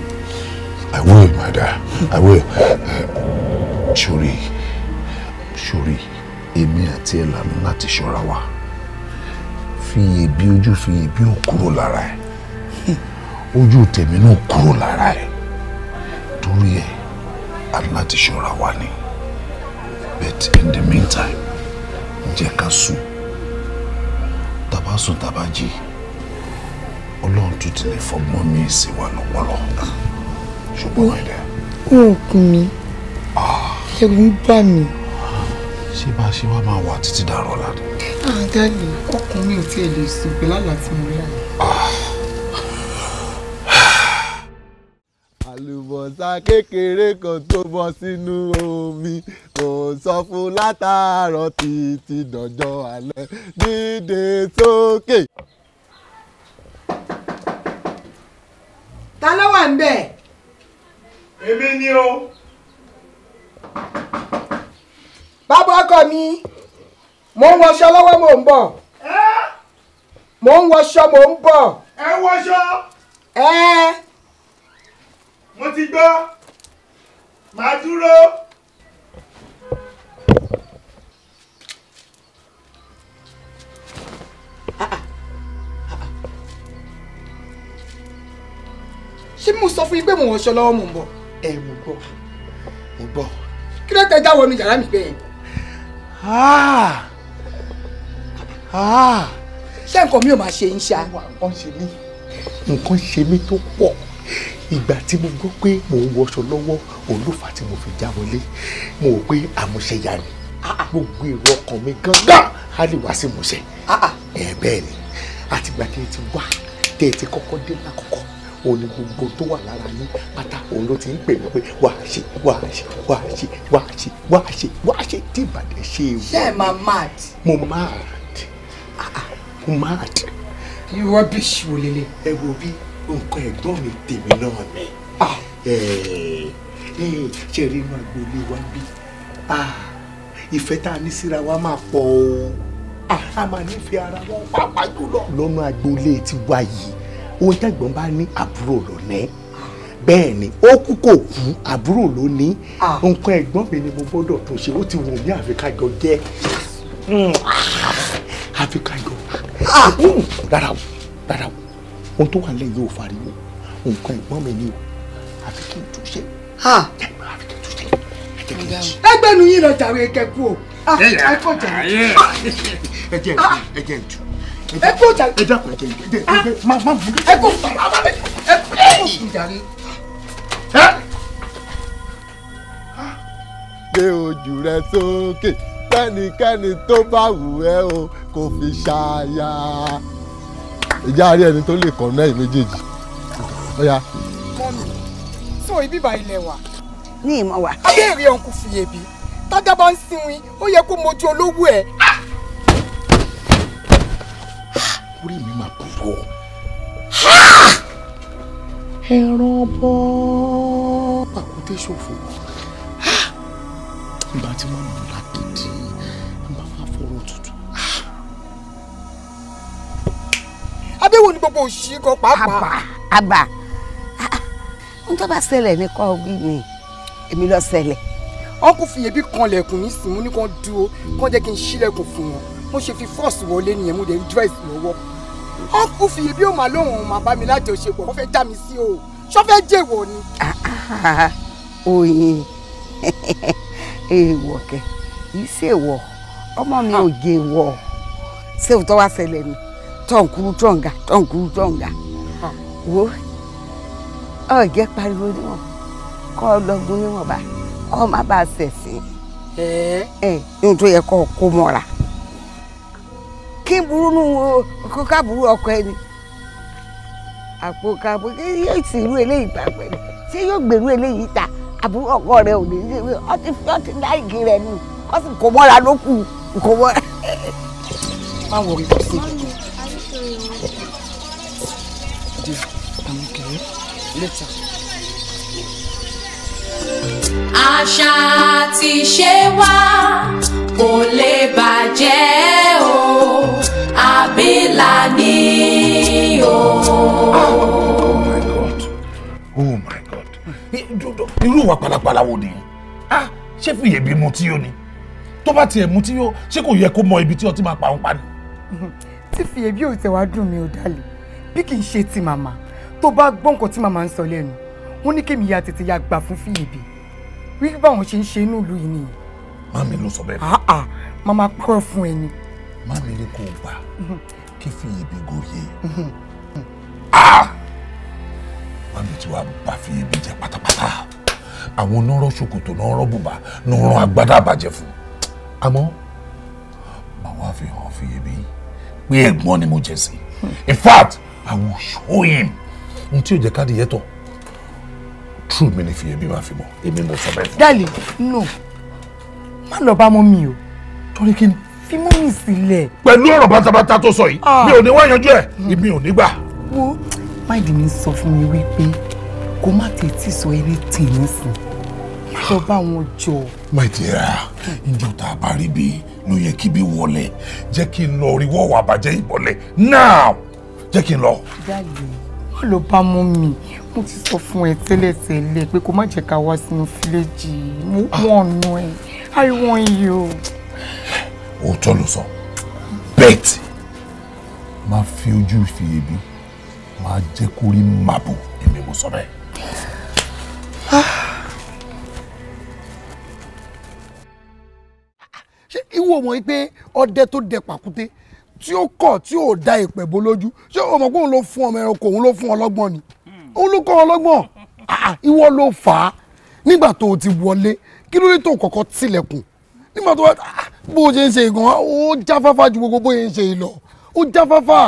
I will, my dear. I will. Ṣorí, ṣorí, èmi àti ẹ̀ lànà láti ṣọ́ra wa. Fi èébì ojú fi èébì ò kúrò lára ẹ̀. Ojú tèmi náà kúrò lára ẹ̀. Torí ẹ̀, a ṣọ́ra wa ni. But in the meantime, jẹ́ ká sùn bá sùn tá a bá jí ọlọ́run tún ti lè fọgbọ́n mi sí wa lọ́pọ̀lọ́ ṣùgbọ́n máa dẹ. oògùn mi ah. ẹ̀rù ń bà mí. ṣé bá a ṣe wá máa wà títí dàrọ́ ládé. àdáyé ah, ọkùnrin ò tiẹ̀ lè sùn pẹ̀lú àlàáfíà ọ̀sà kékeré kan tó bọ́ sínú omi kò sọ fún látàárọ̀ títí dọjọ́ alẹ́ dìde sókè. ta ló wà ń èmi ni o. bàbá ọkọ mi mò ń wọṣọ lọ́wọ́ mò ń bọ̀ mò ń wọṣọ mò ń bọ̀. ẹ wọṣọ. ẹ. Eh mo ti gbọ́ màá dúró. Ah, ah, ah, ṣé mo sọ fún yín pé mo wọṣọ lọ́wọ́ mo ń bọ̀. ẹ mo gbọ́ mo gbọ́. kí ló tẹ já wọnú yàrá mi bẹ́ẹ̀. ṣé nǹkan mi ò máa ṣe ń ṣá. nǹkan ṣe nǹkan ṣe mí tó pọ̀ ìgbà tí mo gbọ́ pé mò ń wọṣọ lọ́wọ́ òun ló fà á tí mo fi já wọlé mo rò pé àmúṣeyà ni gbogbo èrò ọkàn mi gángan á lè wá sí ìmúṣẹ ẹ bẹ́ẹ̀ ni àtìgbà tẹ́ ẹ ti wá tẹ́ ẹ ti kọ́kọ́ dé lákọ̀ọ́kọ́ òun ni gbogbo tó wà lára yín pátá òun ló ti ń pè mí pé wàá ṣe wàá ṣe wàá ṣe wàá ṣe wàá ṣe wàá ṣe tí ìbàdàn ṣe é wọ. ṣé ẹ máa mad. mo mad mo mad. irọ́ bí ṣòlélẹ̀. ẹ wo bí nǹkan ẹ̀gbọ́n mi tèmi náà ni ah. ṣe rí inú agboolé wa bí ah, ìfẹ́ tá a ní síra wa máa pọ̀ o ah. a máa nífẹ̀ẹ́ ara wa pàápàá jùlọ. lọ́nà agboolé ti wá yìí ohun tẹ́gbọ́n bá ní àbúrò lọ́nẹ́ bẹ́ẹ̀ ni ó kú kò kú àbúrò ló ní nǹkan ẹ̀gbọ́n mi ni mo gbọ́dọ̀ tó ṣe ó ti wù mí àfi jẹ́ hmm. àfi ká hmm. o dára o ohun tó wà lẹ́yìn yóò fariwo nǹkan ẹ̀gbọ́n mi ni o àfi kí n túṣe. àfi kí yín lọ jàre kẹ́kọ̀ọ́ ah, ẹ̀kọ́ jàre. ẹ̀jẹ̀ ẹ̀jẹ̀ ń tu. ẹ̀kọ́ jàre. ẹ̀jẹ̀ kò jẹ́ ah! ẹ̀jẹ̀ ẹ̀jẹ̀ má má bu. ẹ̀kọ́ ẹ̀kọ́ jàre. gbé ojú rẹ sókè kẹ́nikẹ́ni tó bá wù ẹ́ o kò fi ṣàyà ìjà àárẹ̀ ẹni tó lè kọ̀ọ̀nà ẹ̀ méjèèjì ọ̀ya. mọ́mì so ibi ìbà ilẹ̀ wa. ní ìmọ̀ wa. abẹ́rẹ́ ọ̀nkù fìyèbí tájà bá ń sinwi ó yẹ kó mojú olówó ẹ̀. orí mi máa burú ọ. ẹran bọ́ pàkúté ṣòfò. ìgbà tí wọ́n mú lágídí. adéwò ni gbogbo òṣì kan pàápàá. àbà n tó bá ṣẹlẹ̀ ní kọ́ bí mi èmi lọ ṣẹlẹ̀. wọn kò fìyè bí kan lẹ̀kùn ní sìn mú ní kan dúró kán jẹ́ kí n ṣílẹ̀kùn fún wọn mo ṣe fi fọ́ọ̀sì wọlé nìyẹn mo dẹ̀ ń dírẹ́sì lọ́wọ́. wọn kò fìyè bí òun àlóhùn ọmọ bá mi lájọṣepọ̀ wọ́n fẹ́ já mi sí o ṣọ́fẹ́ jẹ́wọ̀ ni. oyin èèwọ̀ kẹ̀ kì í ṣèwọ̀ ọmọ mi ò ah. jẹ́wọ̀ ṣé òótọ́ wá ṣẹlẹ̀ ni tọ̀nkúrú tọ̀ǹgà tọ̀nkúrú tọ̀ǹgà wo ọ̀jẹ̀ pariwo níwọ̀n kọ́ ọ lọ́gbọ́n níwọ̀n bá kọ́ má bàa ṣẹ̀sìn ẹ̀ ohun tó yẹ kọ́ ọ kó mọ́ra kí burú nù kó ká burú ọkọ ẹni àpò kàbò kí yóò sì irú eléyìí gbà pẹ̀lú ṣé yóò gbèrú eléyìí ta àbúrò ọkọ rẹ ò ní í ṣe ọtí fi ọtí láìgì rẹ nù ó sì kó mọ́ra lókù kó mọ́ra. má wọrí kò sí later. àṣà tí ṣe wá kò lè bàjẹ́ o àbílà ni o. oh my god oh my god irú ìwà pálapàla wo nìyẹn ah ṣé fìyè bí mutí yó ni tó bá tiẹ̀ mutí yó ṣé kò yẹ kó mọ ibi tí ọtí máa pa òun pa ni tí fi ebi òtẹ wá dùn mí ò dálé bí kì í ṣe ti màmá tó bá gbọ́ nǹkan tí màmá ń sọ lẹ́nu wọ́n ní kémi ya tètè ya gbà fún fìyèbí wípé báwọn ṣe ń ṣe inú ìlú yìí nìyẹn. màmí ló sọ bẹ́ẹ̀. àà màmá pọ̀ fún ẹni. màmí ni kò gbà kí fìyèbí gòyè. màmí tí wàá bá fìyèbí jẹ pátápátá àwọn nọ́rọ́ ṣòkòtò nọ́rọ́ bùbá nọ́rọ́ agbádá àbàjẹ́ fún àmọ́ màá fi hàn fìyèbí pé ẹ̀gbọ́n money, mo in fact i will show him ohun tí yóò jẹ káàdì yẹtọ̀ true mi ni fìyẹ́ bí máa fi mọ̀ èmi mo sọ bẹ́ẹ̀ fún. dálì no má lọ bá mọ́ mi o torí kí n fi mọ́ mi sílẹ̀. pẹ̀lú ọ̀rọ̀ bátabátá tó sọ yìí ah. mi ò ní wá yanjú ẹ̀ èmi ò ní gbà. wo máìdì mi sọ fún mi wípé kó má tètè sọ ẹni tì í nísìn lọ bá wọn jọ. my dear, ìjọ tá a bá rí bíi ló yẹ kí bí wọlé jẹ́ kí n lọ oríwọ́ wà bàjẹ́ ìbọ̀lẹ̀ now jẹ́ kí n lọ. dáàbò wọn ló bá mú mi mo ti sọ fún ẹ tẹ́lẹ̀tẹ́lẹ̀ pé kó má jẹ́ ká wá sínú fíléèjì mo ah. wọ̀n ẹ i want you. òótọ́ ló sọ bet máa fi ojú fi ebi máa jẹ́ kó rí màbò èmi mo sọ bẹ́ẹ̀. Ah. ṣé ìwọ mọ̀ pé ọdẹ tó dẹ pàkúté tí ó kọ̀ tí ò da ìpẹ̀ bó lójú ṣé o mọ̀ pé òun ló fún ọmọ ẹranko òun ló fún ọlọ́gbọ́n ni hmm. òun ló kọ́ ọlọ́gbọ́n ah, ah, ìwọ ló fà á nígbà tó o ti wọlé kí ló dé tó kọ́kọ́ tilẹ̀kùn nígbà tó ah, bó o ṣe ń ṣe ìgàn ó jáfáfá ju gbogbo bó o ṣe ń ṣe ìlọ ó jáfáfá.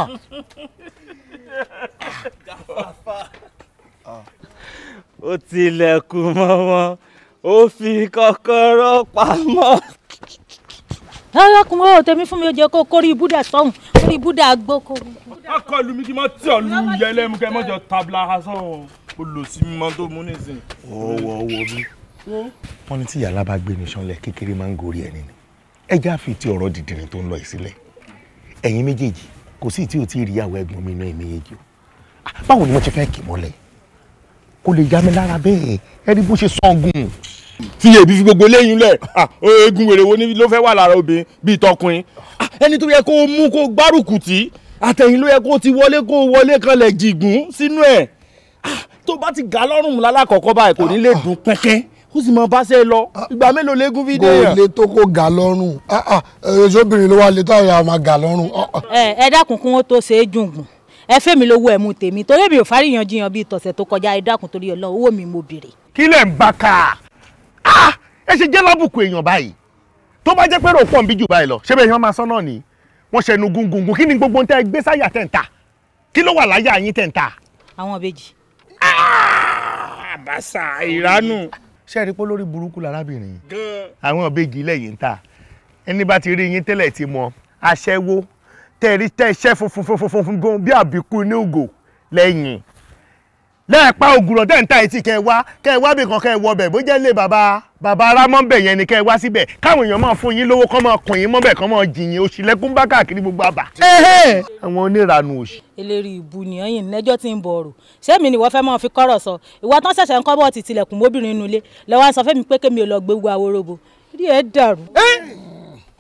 ó tilẹ̀kùn mọ́ wọn ó fi kọ́kọ́rọ́ pamọ́ ọkùnrin ò tẹ̀mí fún mi ó jẹ́ kó kórí búdà sọ́hùn kórí búdà gbó kó. a kọ ìlú mi kí n má tí ọ̀lú yẹlẹ́mu kẹ́ ẹ má jọ tabla hasan o lò sí mi mọ́ tó mú nísìnyí. ọwọ́ ọwọ́ mi wọ́n ní tí yàrá bá gbé ní sanlẹ̀ kékeré máa ń gorí ẹni ni ẹ já fi ti ọ̀rọ̀ dìdìrín tó ń lọ ìsílẹ̀ ẹ̀yin méjèèjì kò sí tí o ti rí ìyàwó ẹ̀gbọ́n mi náà èmi yéjì o báwo ni wọ́n ti fẹ́ kì mọ́lẹ̀ kò lè yá mi lára bẹ́ẹ̀ ẹ rí bó ṣe sọ́ọ̀gùn fi èbí fi gbogbo léyìn lẹ̀ ah, eegun wèrè wo ló fẹ́ wà lára obìnrin bíi tọkùnrin ah, ẹni tó yẹ kó o mú kó o gbárùkù tì àtẹ̀yìn ló yẹ kó o ti wọlé kó o wọlé kanlẹ̀ jìgún sínú ẹ̀ ah, tó bá ti gà lọ́rùn lálákọ̀ọ́kọ́ báyìí kò ní lè dùn pẹ́kẹ́ ó sì mọ báṣẹ lọ ìgbà mélòó lẹ́gùn fídíò yẹn. kò lè tó kó ga lọ́rùn ẹ̀ẹ́dẹ́sọ́bìnrin eh, ló wà lè tó àwọn máa ga lọ́rùn. ẹ dákun ó tó ṣe é jùngùn ẹ fẹ́ mi lówó ẹ̀ tèmi torí èmi ò fáríyànjiyàn bíi tọ̀sẹ̀ tó kọjá ẹ dákun torí Ọlọ́run owó mi mo béèrè. kí lẹ̀ ń bá ká Ah! ẹ ṣe jẹ́ lábùkù èèyàn báyìí tó bá jẹ́ pé rò pọ̀ nbí jù báyìí lọ ṣé bẹ́ẹ̀ yẹn máa sọ́nà ni wọ́n ṣẹnu gungungun kí ni gbogbo ń tẹ́ gbé sáyà tẹ̀ ń ta kí ló wà láyà yín tẹ̀ ń ta. àwọn ìbejì. Ah! àbàṣà ìránù. ṣé ẹ rí pé lórí burúkú lárábìnrin àwọn ìbejì lẹ́yìn ta ẹni bá ti rí yín tẹ́lẹ̀ ti mọ aṣẹ́wó tẹ́ rí tẹ́ iṣẹ́ funfun funfun bí àbíkú ní ògò lẹ́yìn lẹ́ẹ̀pá ògùrọ̀ dẹ́ǹta etí kẹ wá kẹ wá bí kan kẹ wọ bẹ̀ bó jẹ́ lé bàbá bàbá arámọ́bẹ̀ yẹn ni kẹ wá síbẹ̀ káwọn èèyàn máa fún yín lówó kán máa kùn yín mọ́bẹ̀ kán máa jìyìn òṣìlẹ́kùn bá káàkiri gbogbo àbà. àwọn onírànù òṣì. eléri ìbú nìyàn yìí lẹ́jọ́ tí ń bọ̀ ọ̀rọ̀ sẹ́mi ni ìwọ fẹ́ máa fi kọ́rọ̀ sọ ìwọ tán ṣẹ̀ṣẹ̀ ń kọ́ bọ́ọ̀ ti tilẹ̀kùn mọ́bìnrin nulẹ̀ lọ́wọ́ sọ fẹ́mi pé kémi ò lọ gbé wu aworobo rí ẹ dàrú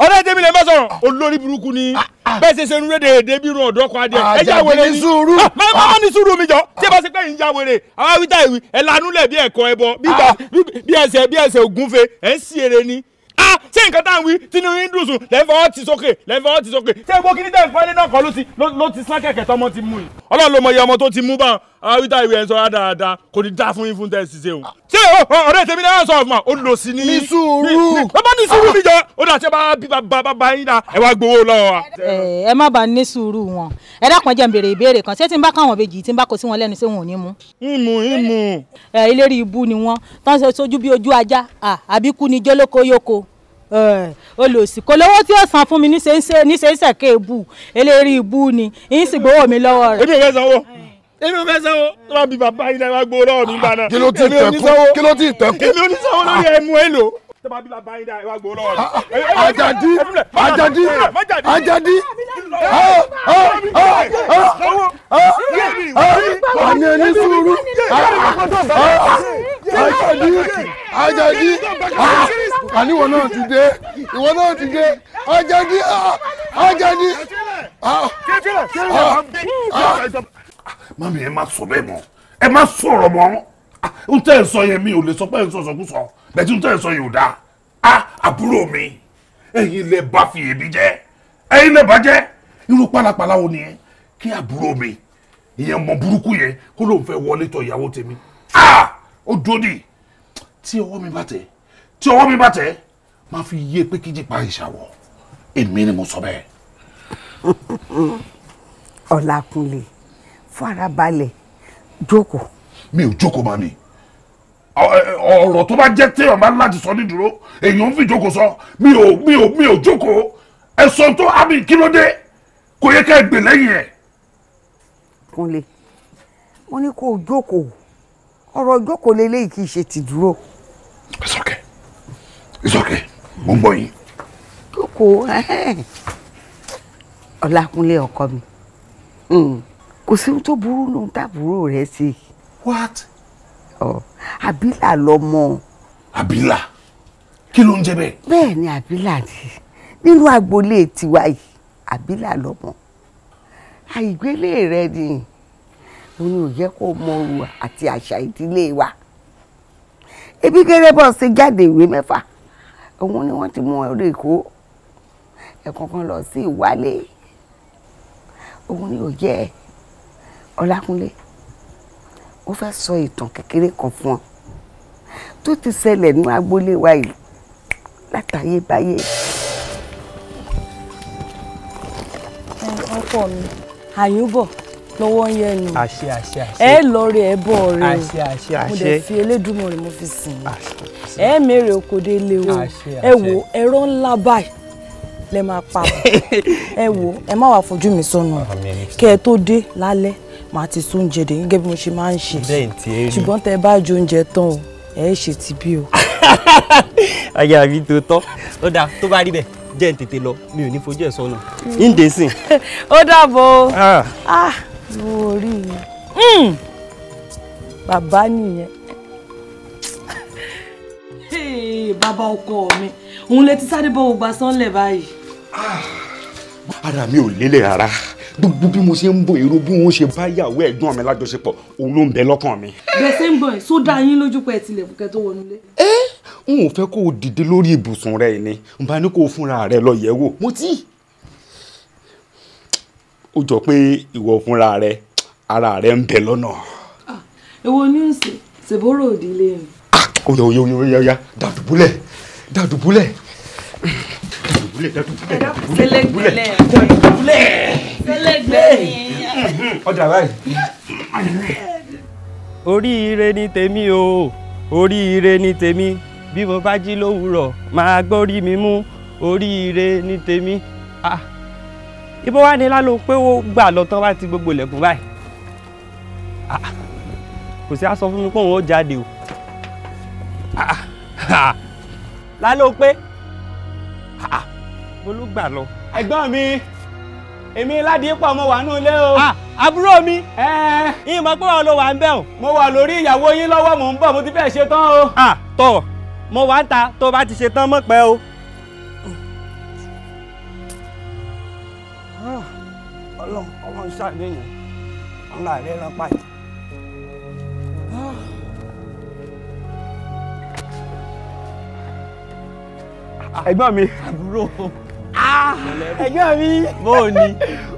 ọ̀rẹ́ tèmi lè má sọ̀rọ̀ olórí burúkú ni ah, ah. bẹ́ẹ̀ ṣe ṣe ń rédè èdè bí irun ọ̀dọ́ kan adìẹ ẹ já ni máa ah, máa ní sùúrù mi jọ tí bá ṣe pé ìyá wèrè àwọn awítá ìwì ẹ lanúlẹ̀ bí ẹ̀kọ́ ẹbọ bí ẹsẹ̀ bí ẹsẹ̀ ògúnfe ẹ̀ ń sí èrè ni ah ṣé nǹkan tá à ń wí tí ní orin dùn sùn lẹ́fọ̀ ọ́ ti sókè lẹ́fọ̀ ọ́ ti sókè ṣé gbogbo kìíní tẹ̀ ń pọ́nlé náà kọ́ ló ti ló ti sán kẹ̀kẹ́ tọ́mọ ti mú yìí. ọlọ́run ló mọ iye ọmọ tó ti mú bá awíta ìwé ẹ̀ sọ dáadáa kò ní dá fún yín fún tẹ́sí ṣe o. ṣé ọ̀rẹ́ tèmi náà sọ ọ̀fun ó lò sí ní. ní sùúrù bàbá ní sùúrù mi jọ ó dà ṣe bá bí bàbá yín dá ẹ wá gbowó lọ́wọ́ wa. ẹ má ba ní sùúrù wọn ẹ dákun jẹ́ n béèrè ìbéèrè kan ṣé tí n bá káwọn bèjì tí n bá kó sí wọn lẹ́nu ṣé wọn ò ní mú. ìmù ìmù. ẹ ilé rí ibú ni wọn tán ṣe sójú bí ojú ajá àbíkú ni jólókòóyòkó olòṣì kò lówó tí yóò san fún mi níṣẹ́ṣẹ́ kéèbù eléyìí ibú ni yín sì gbowó mi lọ́wọ́ rẹ̀. èmi ò fẹ́ sanwó èmi ò fẹ́ sanwó tó bá bí bàbá yìí náà wá gbowó lọ́wọ́ mi gbàná. kí ló ti tẹ̀kú kí ló ti tẹ̀kú. èmi ò ní sanwó lórí ẹmu èlò tó bá bí bàbá yìí náà wá gbowó lọ́wọ́ mi. Àjàdí Àjàdí Àjàdí àmì ẹni sùúrù Àjàdí Àjàdí àníwọ̀ náà ti dé ìwọ náà ti dé ọjà ní ọjà ní. mami ẹ má sọ bẹ́ẹ̀ mọ́ ẹ má sọ̀rọ̀ mọ́ n tẹ́ ẹ sọ yẹn mi ò lè sọ pé ẹ ń sọ sọkúsọ bẹ́ẹ̀ n tẹ́ ẹ sọ yẹn ò dáa ah, àbúrò mi ẹ̀yin lẹ bá fi èmi jẹ́ ẹ̀yin lẹ bá jẹ́ irú pálapàla wo nìyẹn kí àbúrò mi ìyẹn mọ burúkú yẹn kó ló ń fẹ́ wọlé tọ̀ ìyàwó tèmi ah, ó dódì tí ọwọ́ mi bá tẹ̀ tí ọwọ́ mi bá tẹ̀ máa fi yé pé kíjì pa ìṣàwọ̀ èmi ni mo sọ bẹ́ẹ̀. Ọlákúnlé farabalẹ̀ jókòó. mi ò jókòó màmí ọ̀rọ̀ tó bá jẹ́ téèyàn bá láti sọ nídúró èèyàn ń fi jókòó sọ mi ò mi ò mi ò jókòó ẹ̀sọ́ tó àmì kí ló dé kò yẹ ká gbè lẹ́yìn ẹ̀. Kúnlé wọ́n ní kó o jókòó ọ̀rọ̀ jókòó lélẹ́yìí kì í ṣe tìdúró. ẹ sọ kẹ́ it's okay mo ń bọ̀ yín. kókó ọlákúnlé ọkọ mi hmm. kò sí ohun tó burú nù táàbúrò rẹ sí. what. ọ abila lọmọ. abila kí ló ń jẹ bẹ́ẹ̀. bẹ́ẹ̀ ni abila ti nínú agboolé tiwa yìí abila lọmọ àìgbélé rẹ ni òun ò yẹ kó mọ òru àti àṣà ìdílé wa ebi gẹ́gẹ́ bọ́ ṣe jáde ìwé mẹ́fà òun ni wọ́n ti mú ọ̀rọ̀ èkó ẹ̀kan kan lọ sí ìwálé òun ni ò yẹ Ọlákúnlé ó fẹ́ sọ ìtàn kékeré kan fún ọ tó ti ṣẹlẹ̀ ní agboolé wa yìí látayébáyé. ọkọ mi àyùbọ̀ lọ́wọ́ yẹn nù àṣẹ àṣẹ àṣẹ ẹ lọrẹ ẹ bọ ọrẹ o àṣẹ àṣẹ àṣẹ mo dẹ̀ fi Elédùmarè mo fi sìn ẹ mèrè okòdé lé o ẹ wo ẹ̀rọ ńlá báyìí lẹ máa pa ẹ wo ẹ má wàá fojú mi sọnù kẹ ẹ tó dé lálẹ́ màá ti sún oúnjẹ dè gẹ́gẹ́ bí mo ṣe máa ń ṣe ṣùgbọ́n tẹ bá ju oúnjẹ tán o ẹ ṣe ti bí o. ayé mi tó tọ́ ó dáa tó bá rí bẹ́ẹ̀ jẹ́ ń tètè lọ mi ò ní fojú ẹ̀ sọnù. ń dé sìn. ó dàbọ̀ lówó orí mi hmm. bàbá nìyẹn. bàbá ọkọ mi òun lè ti sáré bọ ògbà sanlẹ̀ báyìí. ara ah, mi ò lélẹ̀ rárá gbogbo bí mo ṣe ń bo èrò bí wọn ṣe bá ìyàwó ẹ̀gbọ́n mi lájọṣepọ̀ òun ló ń bẹ lọ́kàn mi. gbèsè ń bọ̀ ẹ̀ sódà yín lójú pẹ̀ tilẹ̀kùn kẹ́ tó wọnú lé. ẹ eh, n ò fẹ́ kó o dìde lórí ibùsùn rẹ ni n bá ní kó o fúnra rẹ lọ yẹ̀ wò mo ti ó jọ pé ìwọ fúnra rẹ ara rẹ ń bẹ lọ́nà. Ah, èwo ni ó sì ṣèbórò òdìlé ni. oya ah, oya oya oya dàdùbúlẹ̀ dàdùbúlẹ̀ dàdùbúlẹ̀ dàdùbúlẹ̀ dàdùbúlẹ̀ dàdùbúlẹ̀ sẹlẹ̀gbẹ̀ ọ̀dà báyìí. oríire ni tèmi o oríire ni tèmi bí mo bá jí lówùúrọ̀ máa gbórí mi mú oríire ni tèmi. Ah ibo wá ní lálọ́ pé ó gbà lọ tán bá ti gbogbo ilẹ̀kùn báyìí ah, kò sí aṣọ fún mi pé ó jáde o ah, ah, lálọ́ pé bólú gbà lọ. ẹ̀gbọ́n mi èmi ládìípọ̀ mo wà nù ilé o. àbúrò mi ìmọ̀ pé wọn ló wà ń bẹ̀ o. mo wà lórí ìyàwó yín lọ́wọ́ mò ń bọ̀ mo ti fẹ́ ṣe o. tọ̀ mo wá ń ta tó bá ti ṣe mọ̀ pẹ́ o. ń ṣàdéyàn ńlá rẹ̀ rán pààyàn. ẹ̀gbọ́n mi. àbúrò. ẹ̀gbọ́n mi. bóò ni.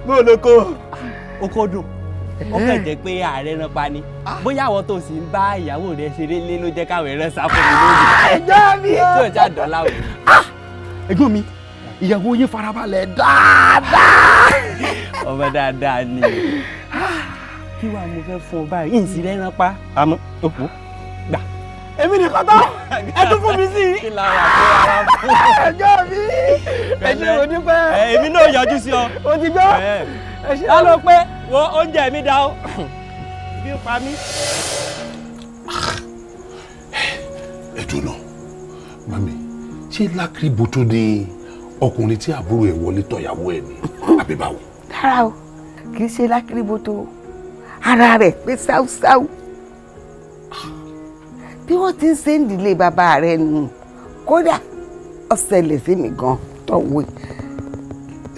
bóò ló kó. oko dùn. ó kàn jẹ́ pé ààrẹ rán pa ni. bóyá àwọn tó sì ń bá ìyàwó rẹ̀ ṣeré lé ló jẹ́ káwọn ẹ̀rọ sá fún mi lójú. ẹ̀gbọ́n mi. tí ò já dọ́là òní. ẹ̀gbọ́n mi ìyàwó yín farabalẹ̀ dáadáa. ọmọ dáadáa ni kí wàá mo fẹ́ fún ọ báyìí ìsì rẹ̀ rán pa àmọ́ òkú gbà. èmi nìkan tán ẹ tún fún mi sí kí la wà fún ara fún. ẹjọ́ mi ẹ ṣe o dúpẹ́. èmi náà yọjú sí ọ. o ti gbọ́ ẹ ṣe o. lọ́nà pé wo oúnjẹ mi dá o bí o pa mí. ẹ dùn náà mami ṣé lákìrìbù tó ní ọkùnrin tí àbúrò ẹ̀ wọlé tọ̀yàwó ẹ̀ ni àbí báwo. rárá o kì í ṣe lákìrìbọ̀tò ara rẹ̀ pé ṣáúṣáú bí wọ́n ti ń ṣe ń dìlé bàbá rẹ̀ nù kódà ọ̀sẹ̀ sí mi gan tọ̀wé.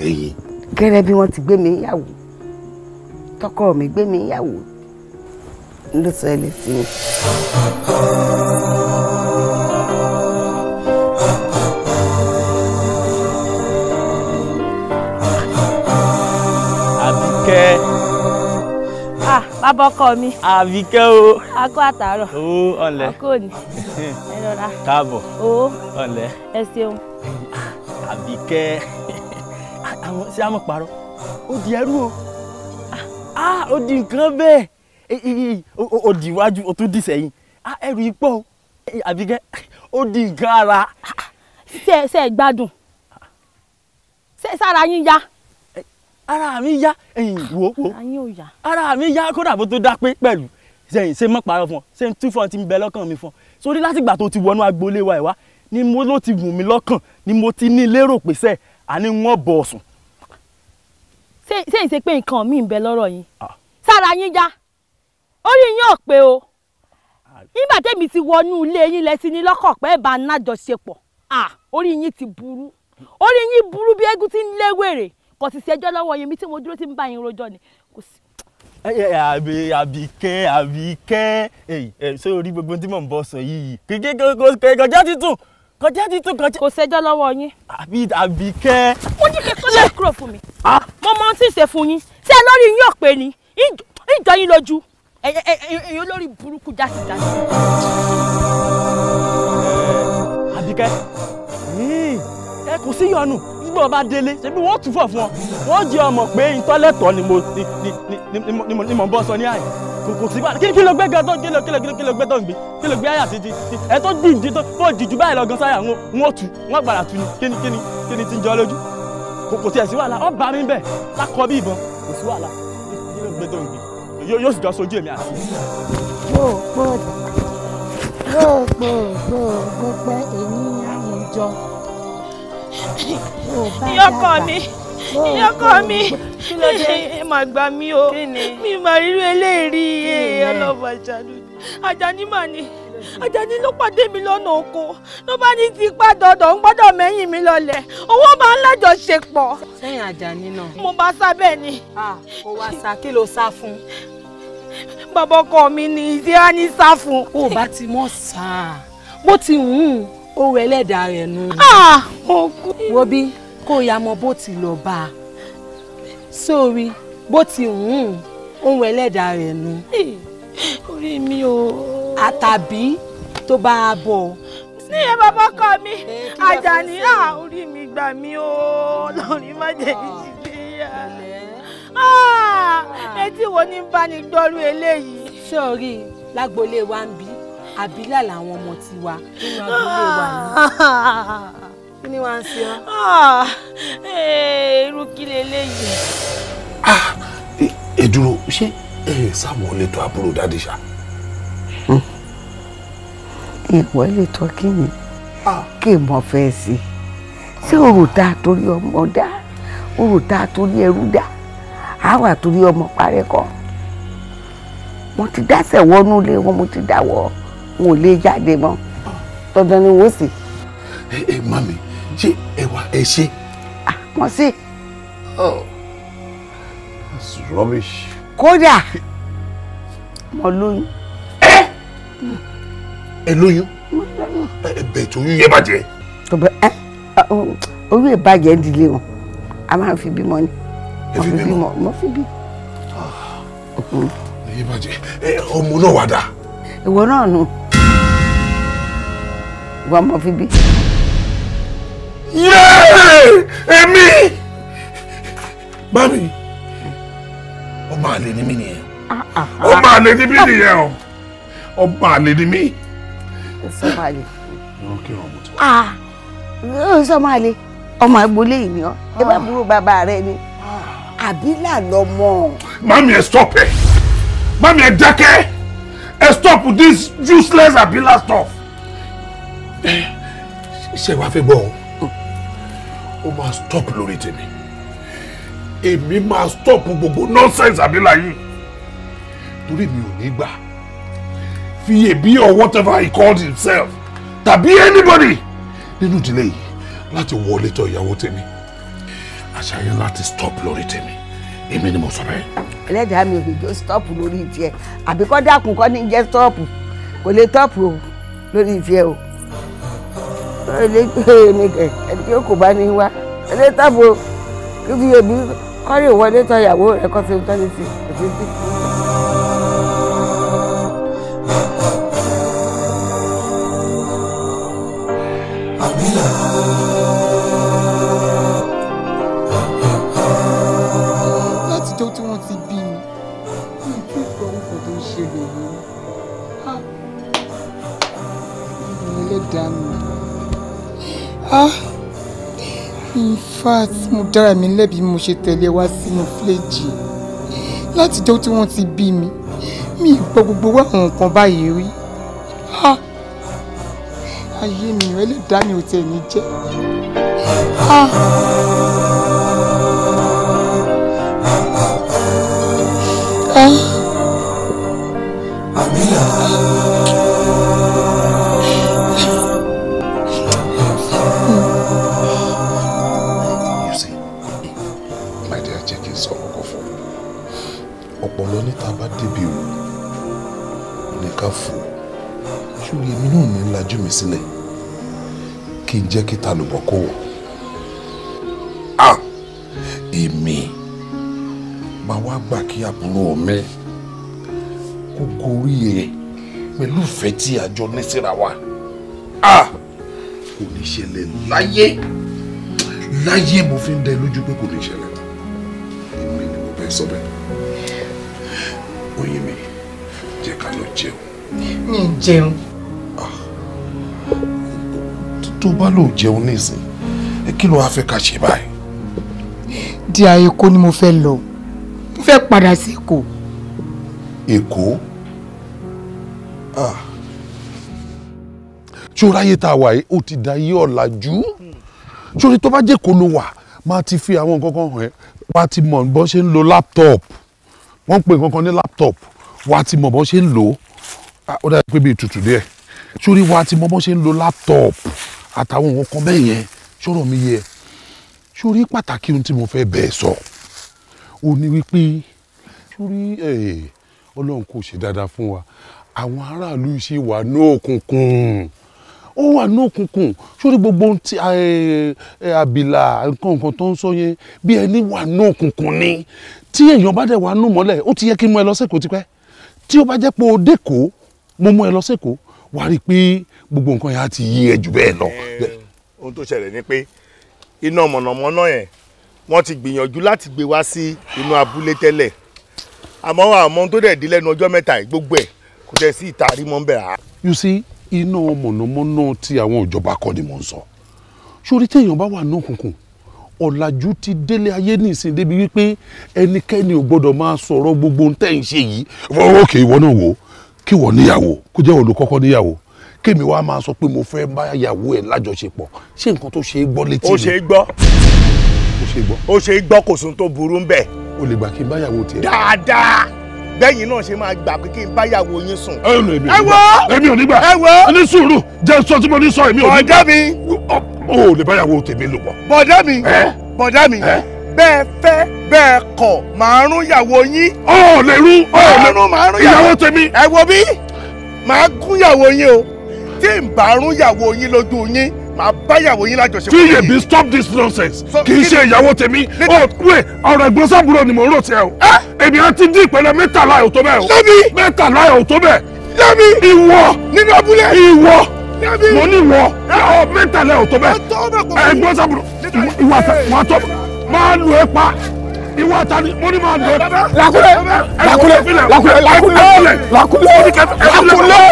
ẹyin. gẹ́rẹ́ bí wọ́n ti gbé mi yàwó tọkọ mi gbé mi yàwó ló sí mi. abọ́kọ mi. àbíkẹ́ o. a kó àtàárọ̀. owó ọ̀lẹ́. a kó òní. ẹ lọ́ra. káàbọ̀. owó. ọ̀lẹ́. ẹ ṣeun. àbíkẹ́ àwọn ṣé a mọ̀ parọ́ ó di ẹrú o ah, ah, ó di nǹkan bẹ́ẹ̀ ó di iwájú ó tún di sẹ́yìn ah, ẹrù ipò àbíkẹ́ ó di nǹkan ara. ṣé ẹ gbádùn ṣé sára yín ya ara mi ya, ẹ̀yìn wo wo. ara mi ya. kódà bó tó dápé pẹ̀lú ṣẹ̀yìn ṣe mọ́ parọ́ fún ọ ṣe ń tú fún ọ ti ń bẹ lọ́kàn mi fún ọ sórí látìgbà tó ti wọnú agboolé wa ìwá ni mo ló ti wù mí lọ́kàn ni mo ti ní lérò pé sẹ́ àní wọ́n bọ̀ ọ̀sùn. ṣéyìn ṣe pé nǹkan mi ń bẹ lọ́rọ̀ yín ah. sára yín yá orí yín ò pé o ah. nígbà tẹ́mi ti wọnú ilé yín lẹ́sìn ní ni pé ẹ̀ bá ń nájọṣepọ̀ ah, orí yín ti burú orí yín burú bí eégún ti ń léwèrè kò sì sí ẹjọ́ lọ́wọ́ yẹn mi tí mo dúró tí ń bá yín rojọ́ ni kò sí. àbí àbíkẹ́ àbíkẹ́ ṣé orí gbogbo tí mò ń bọ̀ sọ yìí kékeré kọjá títún kọjá títún kọjá. kò sẹjọ́ lọ́wọ́ yín. àbí àbíkẹ́. mo ní kẹ́kọ̀ọ́ lè kúrò fún mi. mo mọ ohun tí ì ṣe fún yín ṣé ẹ lórí yín ọ̀pẹ ni ìjọ yín lójú èyí olórí burúkú jásìjásì. àbíkẹ́ ẹ kò sí yọnu nígbà wọn bá délé ṣebí wọn tún fọ fún ọ wọn jẹ ọmọ pé ìtọ́lẹ̀tọ̀ ni mo ni mo bọ́ sọ ní àyè kò sí bá kí ló gbé gan tó kí ló kí ló kí ló gbé tó ń gbé kí ló gbé àyà sí ẹ tó dìjú tó tó dìjú báyìí lọ́gán sáyà ń ó tu wọ́n gbàrà tu ni kí ni kí ni kí ni ti jọ lójú kò kò tiẹ̀ sí wàhálà ọ bá mi bẹ̀ lákọ bí ìbọn kò sí wàhálà kí ló gbé tó ń gbé yóò sì jọ sojú èmi àti. gbogbo gbogbo gbogbo ènìyàn ìjọ ìyọkọ mi ìyọkọ mi má gbà mí o mi má rírú eléyìí ọlọ́pàá ìjànú Àjàní mà ni Àjàní ló pàdé mi lọ́nà oko ló bá ní ti pa dọ̀dọ̀ ń gbọ́dọ̀ mẹ́yìn mi lọlẹ̀ owó máa ń lájọṣepọ̀. sẹ́yìn Àjàní náà. mo bá sá bẹ́ẹ̀ ni. ó wá sá kí ló sá fún bàbá ọkọ mi ni ìdíra ní sá fún. o bá ti mọ̀ sáà bó ti hùn ohun ẹlẹ́dàá rẹ̀ nù. Ah! wo bí kó o ya mọ bó ti lọ bá a sórí bó ti hùn ohun ẹlẹ́dàá rẹ̀ nù. orí mi ò. àtàbí tó bá a bọ̀ ní ẹ bàbá kọ mi Àjàní à ah, orí mi gbà mí o lórí má jẹ ah. ìṣìlẹyà etí wo ni bá ní gbọ́rú eléyìí. sọ́ọ̀rì lágboolé wa ń bí àbílà làwọn ọmọ tiwa nínú abúlé wa ni kí ni wàá ń ṣe ọ. Ah, eh, irú kí leléyìí. Ah, ẹ dúró ṣé ẹ sáwọn olè tó àbúrò dáadé ṣá. Hmm. ìwọ lè tọ́ kí ni ah. kí n mọ fẹ́ sí i ṣé òrùta torí ọmọ dá òrùta torí ẹrú dá àwa torí ọmọ parẹ́ kọ́ mo ti dá sẹ̀wọ́nú lé wọn mo ti dá wọ́ ọ wọn ò lè jáde mọ́ dandan ni wọ́n sì. ẹ ẹ mami ṣé ẹ wà ẹ ṣe. àmọ́ sí. oh that's rubbish. kódà mo lóyún. ẹ ẹ lóyún ẹ bẹ̀ tó yún yẹn bàjẹ́. oyún ìbàjẹ́ ìdílé wọn a máa fi bímọ ni mo fi bímọ mo fi bí. Ah, mm. yẹn bàjẹ́ ọmọ náà wà dà. ìwọ náà nù. No ìwà ọmọ bíbí. yéé èmi mami ọba àlè ni mí nìyẹn ọba àlè ni mí nìyẹn o ọba àlè ni mí. o sọ máa le. o sọ máa le ọmọ agboolé yìí ni ọ ẹ bá burú bàbá rẹ ni àbílà lọmọ. mami ẹ stop it. mami ẹ dákẹ́ ẹ stop this useless Abila stuff. ṣe wàá fi gbọ́ o ó máa stop lórí tèmi èmi máa stop gbogbo nonsense àbílà yìí torí mi ò ní gbà fi èbí or whatever he called himself tàbí anybody nínú ìdílé yìí láti wọlé tọ̀ ìyàwó tèmi àṣàyàn láti stop lórí tèmi èmi ni mo sọ bẹ́ẹ̀. ẹlẹ́dàá mi ò ní jó stop lórí tiẹ̀ àbíkọ́ dákun kọ́ ní jẹ́ stop kò lè stop o lórí tiẹ̀ o ẹlẹgbẹ́ nìkẹ́ ẹni tí ó kò bá ní wá ẹlẹ́ tábò kí fi èmi kọ́rè wọlé tọ́ ìyàwó rẹ̀ kọ́ sí tọ́lẹ́sì òtítí. in fact mo dára mi lẹ́bi mo ṣe tẹ̀lé wá sínú fúlẹ́jì láti jọ́ tí wọ́n ti bí mi mi gbọ́ gbogbo wá àwọn nǹkan báyìí rí ayé mi ò ẹlẹ́dàá mi ò tẹ̀ ní jẹ́. mi sílẹ̀ kí n jẹ́ kí talùbọ̀ kó wọ̀ á èmi máa wá gbà kí àbúrò mi kó gorí ẹ pẹ̀lú ìfẹ́ tí àjọ ní wa kò ní ṣẹlẹ̀ láyé láyé mo fi ń dẹ lójú pé kò ní ṣẹlẹ̀ èmi ni mo bẹ́ẹ̀ sọ bẹ́ẹ̀ oyin mi jẹ́ ká lọ jẹun. mi jẹun tó bá lò jẹun nísìn kí ló wá fẹ́ ká ṣe báyìí. di àyíkó ni mo fẹ́ lọ mo fẹ́ padà sí èkó. èkó ah. ṣòro ayé tá a wà yìí ó ti da iye ọ̀làjú ṣòro tó bá jẹ́ kó ló wà máa ti fi àwọn nǹkan kan hàn ẹ́ wá ti mọ̀ bó ṣe ń lo laptop wọ́n ń pè nǹkan kan ní laptop wá ti mọ̀ bó ṣe ń lò ó ah, ó dàbí pé bíi tutù díẹ̀ sórí wá ti mọ̀ bó ṣe ń lo laptop àtàwọn ohun kan bẹ́ẹ̀ yẹn ṣọ́rọ̀ mi yẹ ṣórí pàtàkì ohun tí mo fẹ́ bẹ́ẹ̀ sọ ò ní wípé ṣórí eh, ọlọ́run kò ṣe dáadáa fún wa àwọn aráàlú ṣì wà ní òkùnkùn ó wà ní òkùnkùn sórí gbogbo ti àbìlà eh, eh, nǹkan nǹkan tó ń sọ yẹn bí ẹni wà ní òkùnkùn ni tí èèyàn bá dẹ̀ wà nù mọ́lẹ̀ ó ti yẹ kí n mú ẹ lọ sẹ́kọ̀ọ́ tipẹ́ tí ó bá jẹ́ pé o dẹ́kọ̀ọ́ mo mú ẹ lọ sẹ́kọ̀ọ́ wà rí i pé gbogbo nǹkan yẹn á ti yí ẹ bẹ́ẹ̀ lọ. Eh, ohun tó ṣẹlẹ̀ ni pé iná mọ̀nàmọ́ná yẹn wọ́n ti gbìyànjú láti gbé wá sí inú abúlé tẹ́lẹ̀ àmọ́ àwọn tó dẹ̀ di lẹ́nu ọjọ́ mẹ́ta yìí gbogbo ẹ̀ kò tẹ̀ sí ìtarí mọ́ bẹ́ẹ̀. you see iná mọ̀nàmọ́ná ti àwọn ìjọba kọ́ ni mò ń sọ sórí téèyàn bá wà ní òkùnkùn ọ̀làjú ti délé ayé nìsín débi wípé ẹnikẹ́ni ò gbọ́dọ̀ máa sọ̀rọ̀ gbogbo ohun tẹ́ ń ṣe yìí ok ìwọ náà wò ó kí wọ́n níyàwó kó jẹ́ òòlù kọ́kọ́ níyàwó kémi wàá máa sọ pé mo fẹ́ bá yàwó ẹ̀ lájọṣepọ̀ ṣé nǹkan tó ṣe é gbọ́ létí mi. ó ṣe é gbọ́ ó ṣe é gbọ́ ó ṣe é gbọ́ kò sóhun tó burú ń o lè gbà kí n bá yàwó tiẹ̀. dáadáa bẹ́yìn náà ṣe máa gbà pé kí n bá yàwó yín sùn. ẹ wo èmi ò ní gbà ẹ wo ní sùúrù jẹ́ sọ tí mo ní sọ èmi ò ní gbà. bọ̀dá mi o lè bá yàwó tèmi lò pọ̀. bọ̀dá mi bọ̀dá mi bẹ́ẹ̀ fẹ́ bẹ́ẹ̀ kọ̀ màá rún yín. ọ lè rún ọ lè rún màá rún tèmi. ẹ wo bí màá gún ìyàwó yín o tí n bá rún ìyàwó yín lójú yín màá bá ìyàwó yín lájọṣepọ̀ yìí. Tíyèbí stop this nonsense kì í ṣe ìyàwó tèmi ọ oh, wẹ ọ̀rọ̀ ẹ̀gbọ́n sábúrò ni mò ń rò tiẹ̀ o. èmi á ti dín ìpẹ́lẹ̀ mẹ́tàlá ẹ̀ ò tó bẹ́ẹ̀ o. mẹ́tàlá ẹ̀ ò tó bẹ́ẹ̀. lẹ́mi ìwọ nínú abúlé ìwọ mo ní ìwọ mẹ́tàlá ẹ̀ ò tó bẹ́ẹ̀ ẹ̀gbọ́n sábúrò ìwà tó máa lu epa ìwọ àtàlù mo ní máa lu epa. lakunle lakule, lakule, lakule, lakule, lakule, lakule,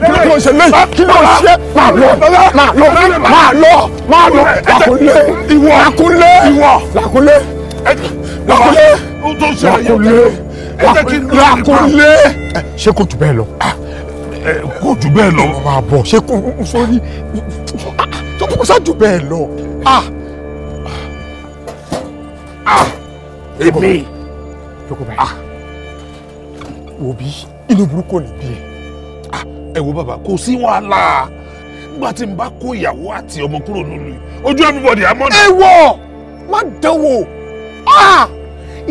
ló ń ṣe lé kí ló ń ṣe máa lọ máa lọ máa lọ máa lọ lakule, ìwọ lakule, ìwọ lakule, lakule, lakule, lakule, ṣé kò jù bẹ́ẹ̀ lọ ah. kò jù bẹ́ẹ̀ lọ. ọmọ àbọ̀ ṣé kò sórí tó kò sá jù bẹ́ẹ̀ lọ. Ah. Ah! èmi jókòó báyìí ah! wò bí inú burúkú ni bí ẹ. Ah! ẹ wo bàbá kò sí wàhálà nígbà tí n bá kó ìyàwó àti ọmọ kúrò nílùú yìí ojú everybody àmọ́. ẹ wọ má dánwò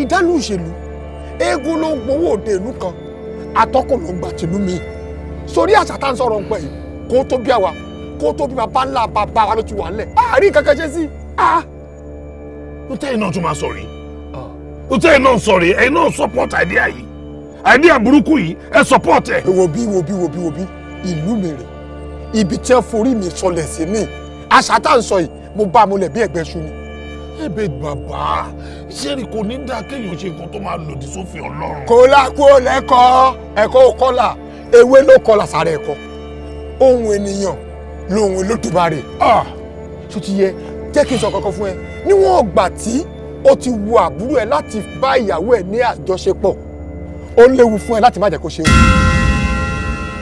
ìdálù òṣèlú eégún ló ń gbowó òde ìlú kan atọ́kùn ló ń gbà tìlú mi sórí àṣà tá à ń sọ̀rọ̀ nǹkan yìí kó tó bí àwa kó tó bí bàbá ńlá bàbá wa ló ti wà ńlẹ̀ àárín kankan ṣe sí ó tẹ́yìn náà tún máa sọ̀rí ó tẹ́yìn náà sọ̀rí ẹ̀yin náà support idea yìí idea burúkú yìí ẹ support ẹ̀. wo bí wo bí wo bí wo bí ìlú mi rè ibi tí ẹ forí mi sọlẹ̀ sí mi àṣà tá à ń sọ yìí mo bá a mọlẹ̀ bí ẹ̀gbẹ́ ṣu ni. ẹ̀bẹ̀ bàbá ṣẹ́ni kò ní dáa kéèyàn ṣe nǹkan tó máa lòdì sófin Ọlọ́run. kò lákú lẹ́kọ̀ọ́ ẹ̀kọ́ ò kọ́là ewé ló kọ́là sára ẹ̀kọ́ ohun ènìyàn lòun ló dùbà rè. jẹ́ kí n sọ kankan fún ẹ níwọ̀n ọgbà tí ó ti wu àbúrò ẹ láti bá ìyàwó ẹ ní àjọṣepọ̀ ó léwu fún ẹ láti má jẹ́ kó ṣe é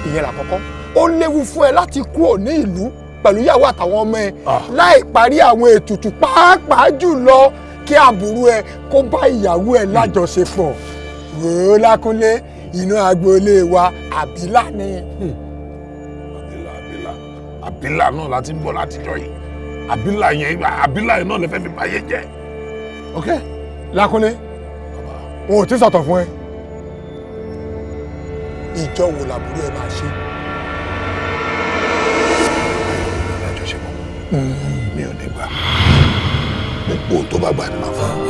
ìyẹn làkọ́kọ́ ó léwu fún ẹ láti kúrò ní ìlú pẹ̀lú ìyàwó àtàwọn ọmọ ẹ ah. láì parí àwọn ètùtù pàápàá jùlọ kí àbúrò ẹ kó bá ìyàwó ẹ lájọṣepọ̀ wòó lákúnlé inú agboolé wa àbílà ni. Hmm. àbílà àbílà àbílà náà láti ń bọ̀ látijọ́ yìí. Abila, yẹn àbílà yẹn náà lè fẹ́ fi báyé jẹ́. ok lakunle o ò tí sọ̀tọ̀ fún ẹ. ìjọ wo làbúrò ẹ máa ṣe. alájọṣepọ̀ hmm. mi ò ní gbà gbogbo ohun tó bá gbà ni màá fún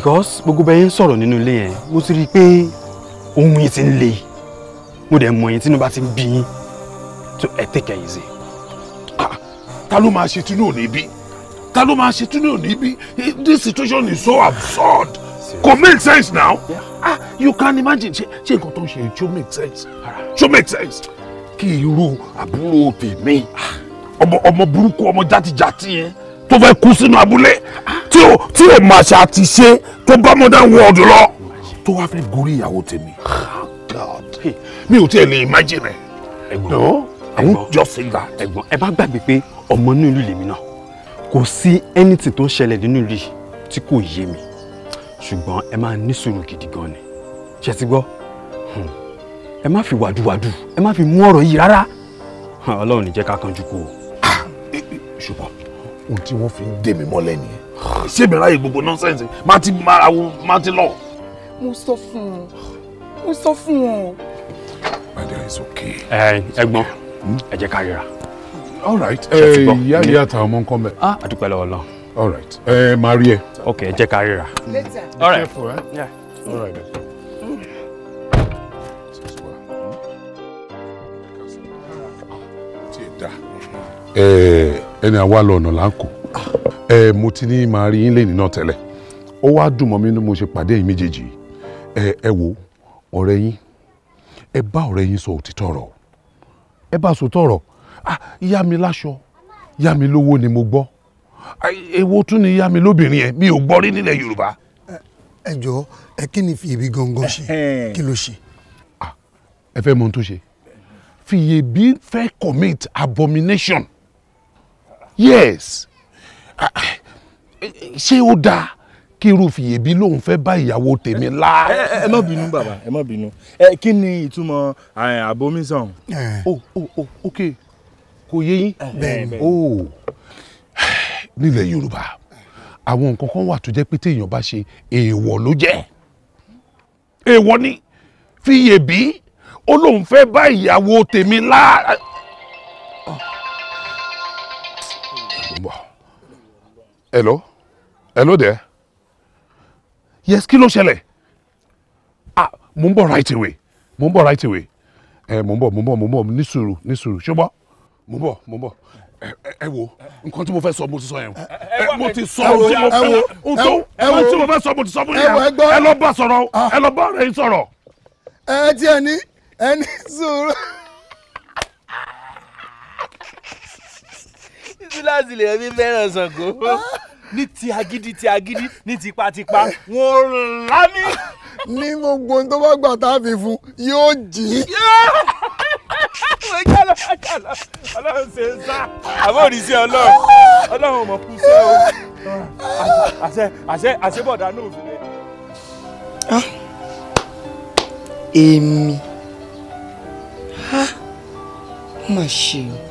because gbogbo bẹ́ẹ̀ ń sọ̀rọ̀ nínú ilé yẹn mo ti rí i pé ohun yìí ti ń le mo dẹ̀ mọ̀ yín tínú bá ti ń bí yín tó ẹ take it easy. ta ló máa ṣe tinú òní bí ta ló máa ṣe tinú òní bí this situation is so absurd kò make sense now ah you can imagine ṣe nǹkan tó ń ṣe ṣó make sense ṣó make sense kí irú àbúrò tèmi ah. ọmọ burúkú ọmọ játijàti yẹn tó fẹ́ kú sínú abúlé ah tí o tí o mà ṣe àti ṣe tó bá modern world lọ tó wá fẹ́ gorí ìyàwó tèmi mi ò tiẹ̀ lè imagine ẹ̀ no I won't just say that. ẹ̀gbọ́n ẹ bá gbàgbé pé ọmọ inú ìlú lèmi náà kò sí anything tó ń ṣẹlẹ̀ nínú ìlú yìí tí kò yé mi ṣùgbọ́n ẹ máa ní sùúrù gidi gan ni ṣe ti gbọ́ hmm. ẹ má fi wàdùwàdù ẹ má fi mú ọ̀rọ̀ yìí rárá ọlọ́run ní jẹ́ ká kanjú kú o. Ah, eh, eh, ṣùgbọ́n ohun tí wọ́n fi ń dè mí mọ́lẹ̀ nìyẹn ṣé mi ráyè gbogbo nọ́sẹ̀nsì má ti má àwọn má ti lọ. mo sọ fún un mo sọ fún un. my dear it's okay. ẹ ẹ̀gbọ́n ẹ jẹ́ ká all right ìyá ìyá àtàwọn ọmọ nǹkan bẹ. Ah, a dúpẹ́ lọ́wọ́ lọ. all right ẹ máa rí ẹ. ok ẹ jẹ́ ká later. all right. Careful, eh? yeah. all right. ẹ ẹni àwa lọ ọ̀nà là ẹ mo ti ní máa rí yín lẹ́yìn náà tẹ́lẹ̀ ó wá dùn mọ́ mi ní mo ṣe pàdé yín méjèèjì ẹ ẹ wo ọ̀rẹ́ yín ẹ bá ọ̀rẹ́ yín sọ òtítọ́ ọ̀rọ̀ ẹ bá sọ tọ̀rọ̀ ah yá mi láṣọ yá mi lówó ni mo gbọ́ èwo tún ni yá mi lóbìnrin yẹn mi ò gbọ́ rí nílẹ̀ Yorùbá. ẹ jọ ẹ kí ni fìyèbí gangan ṣe kí ló ṣe. Ah, ẹ fẹ́ mọ ohun tó ṣe fìyèbí fẹ́ commit abomination yes ṣé ó dáa kí irú fìyèbí lòun fẹ́ bá ìyàwó tèmi la. ẹ má bínú bàbá ẹ má bínú ẹ kí ni ìtumọ̀ àbomísàn. o o o ok kò yé yín. o nílẹ̀ yorùbá àwọn nǹkan kan wà tó jẹ́ pé téèyàn bá ṣe èèwọ̀ ló jẹ́ èèwọ̀ ni fìyèbí ó lòun fẹ́ bá ìyàwó tèmi la. hello hello there yes kilo ló ah mumbo right away mumbo right away Eh, mumbo, mumbo, mumbo, mo ń bọ̀ mo ń bọ̀ ní sùúrù mo ń wo nǹkan tí mo fẹ́ sọ mo ti sọ yẹn o mo ti sọ o tí mo fẹ́ o nǹkan tí mo fẹ́ sọ mo ti sọ mo yẹn ẹ lọ bá sọ̀rọ̀ ah. ẹ lọ bá rẹ̀ sọ̀rọ̀. ẹ tiẹ̀ ní ẹ ní sílàsì lè fi fẹ́ràn Ṣàngó ní ti agídí ti agídí ní tipátipá wọn lámì. ní gbogbo tó bá gbà tá a fi fún yóò jí ọlọ́run ṣe ń sá àbọ̀ òrìṣẹ́ ọlọ́run ọlọ́run mọ̀ kú sẹ́ o àṣẹ àṣẹ àṣẹbọ̀dá náà fi lè. èmi ó mà ṣe o.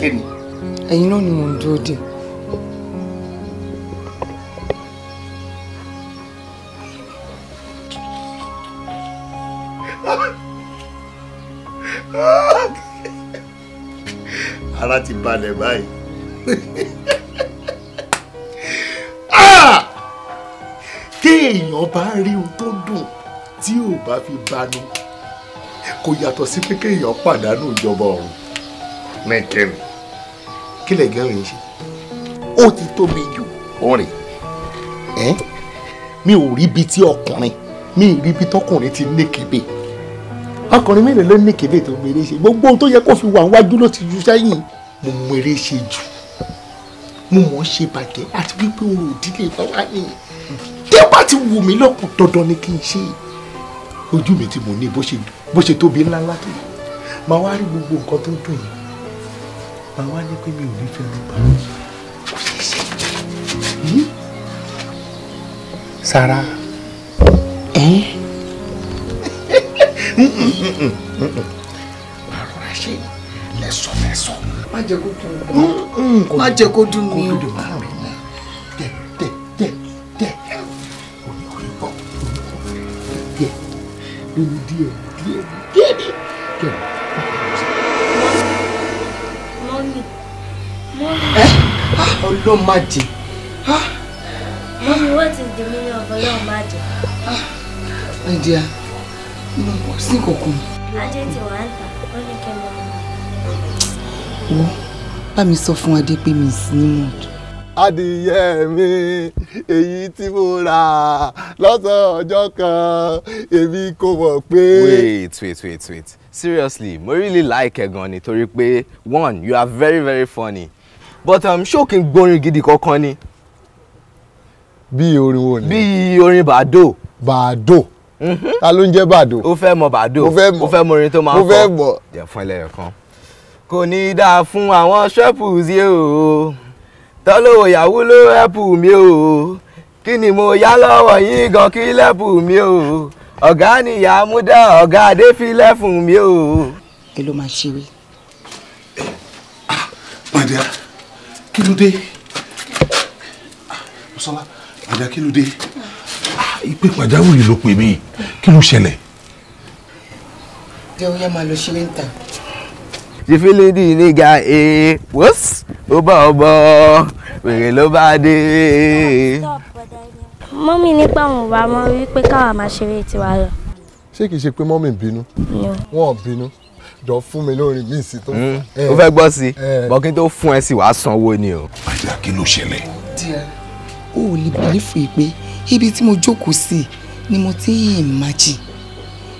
ẹnikẹ́ni. ẹ̀yin náà ni mò ń dúró dè. ara ti balẹ̀ báyìí. Ah! téèyàn bá rí ohun tó dùn tí ò bá fi banu kò yàtọ̀ sí pé kéèyàn pàdánù ìjọba ọ̀run nìkẹ́ni kí lè gẹ́rù yín ṣe ó ti tóbi jù ọ̀rẹ́ ẹ́ mi ò rí ibi tí ọkùnrin mi ì rí ibi tọkùnrin ti ní kébé ọkùnrin mélòó ló ní kébé tó mèrè ṣe gbogbo ohun tó yẹ kó fi wà wájú ló ti ju sẹ́yìn mo mèrè ṣe jù mo mọ̀ ọ́ ṣe bàjẹ́ àti wípé orò ìdílé bá wà ní tí ó bá ti wù mí lọ́kùn dandan ni kí n ṣe ojú mi tí mo ní bó ṣe tóbi ńláńlá tó máa wá rí gbogbo nǹkan tó dùn yìí bá wá ní pé mi ò ní fẹ́ ló bá hmm? kò ṣeé ṣe. Hmm? Sara àrùn àṣẹ lẹ́sọ̀lẹ́sọ̀. má jẹ́ kó dùn mí hmm, má jẹ́ kó dùn mí o. ọlọ́run má jẹ́. Mummy, what is the meaning of ọlọ́run má jẹ́? My dear, mo kò sí kankan. Adé ti wà ń tà, ó ní kí n mọ. Wo bá mi sọ fún Adé pé mi sí ní mọ̀ọ́dù. Adìyẹ mi, èyí tí mo rà lọ́sàn ọjọ́ kan, èmi kò mọ̀ pé. Wait, wait, wait, wait. Seriously, mo really like ẹ gan ni pé one, you are very very funny but ṣó kí n gbórin gidi kankan ni. bí orin wo ni. bí orin bàdó. bàdó mhm. ta ló ń jẹ́ bàdó. ó fẹ́ mọ bàdó ó fẹ́ mọ ó fẹ́ mọ orin tó máa ń kọ ó fẹ́ mọ. jẹ fún ẹlẹ́yọ̀ kan. kò ní í dáa fún àwọn ṣẹ́pù sí o tọ́lọ́wọ̀ ìyàwó ló ẹ̀pù mi o kí ni mo yá lọ́wọ́ yín gan kí lẹ́pù mi o ọ̀gá nìyá múdà ọ̀gá adé fi lẹ́fun mi o. èló máa ṣe wí kí ló dé Bùsọ́lá àjà kí ló dé ah, ìpè pàjáwìrì ló pè mí kí ló ṣẹlẹ̀. jẹ́ oyá máa lọ ṣeré ń ta. jìfìlìdì nígà ee wọ́s ó bá ọ bọ́ wèrè ló bá dé. mọ́mí nípa àwọn òbá mọ́ wípé káwa máa ṣeré tiwa lọ. ṣé kìí ṣe pé mọ́mí ń bínú? wọn ò bínú jọ fún mi lórí mi sí tó. Hmm? Eh. ó fẹ́ gbọ́ sí i eh. bọ́kí tó fún ẹ sí wàá sanwó ni o. àyà kí ló ṣẹlẹ̀. o ò lè bẹ̀lẹ́fẹ̀ pé ibi tí mo jókòó sí ni mo ti ń ìmájì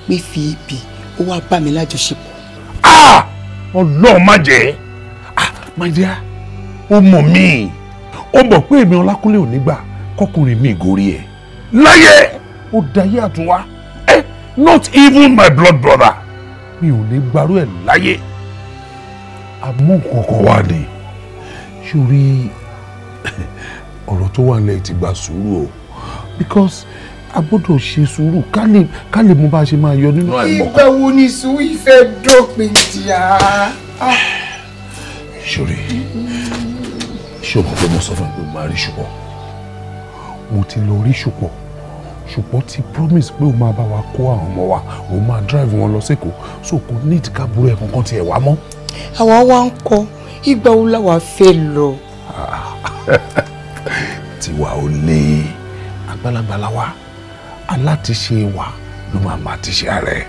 pé fi ibi ó wá bá mi lájọṣepọ̀. Ah! ọlọ́run má jẹ́ ah, my dear ó mọ̀ mí ó mọ̀ pé èmi ọlákúnlé ò ní gbà kọkùnrin mi ìgòrí ẹ̀ láyé ó dayé àtúnwá eh, not even my blood brother mi ò lè gbarú ẹ̀ láyé àmú kankan wà ní sórí ọ̀rọ̀ tó wà nílẹ̀ ti gba sùúrù o because a gbọ́dọ̀ ṣe sùúrù ká lè ká lè mú bá a ṣe máa yọ nínú àìmọ̀. ìgbà wo ni sùúrù ìfẹ́ dópin ti à. sórí ṣé o mọ̀ pé mo sọ fún ẹ pé mo máa rí ṣùpọ̀ mo ti lọ rí ṣùpọ̀ ṣùgbọ́n ti promise pé o máa bá wa kó àwọn ọmọ wa o máa drive wọn lọ sẹ́kọ̀ọ́ so kò need kábúrò ẹ̀ kankan tiẹ̀ wá mọ́. àwa wá ń kọ ìgbà wo làwa fẹ́ lọ. tiwa ò lè àgbàlagbà wa alátiṣe wa ló máa máa ti ṣe ara ẹ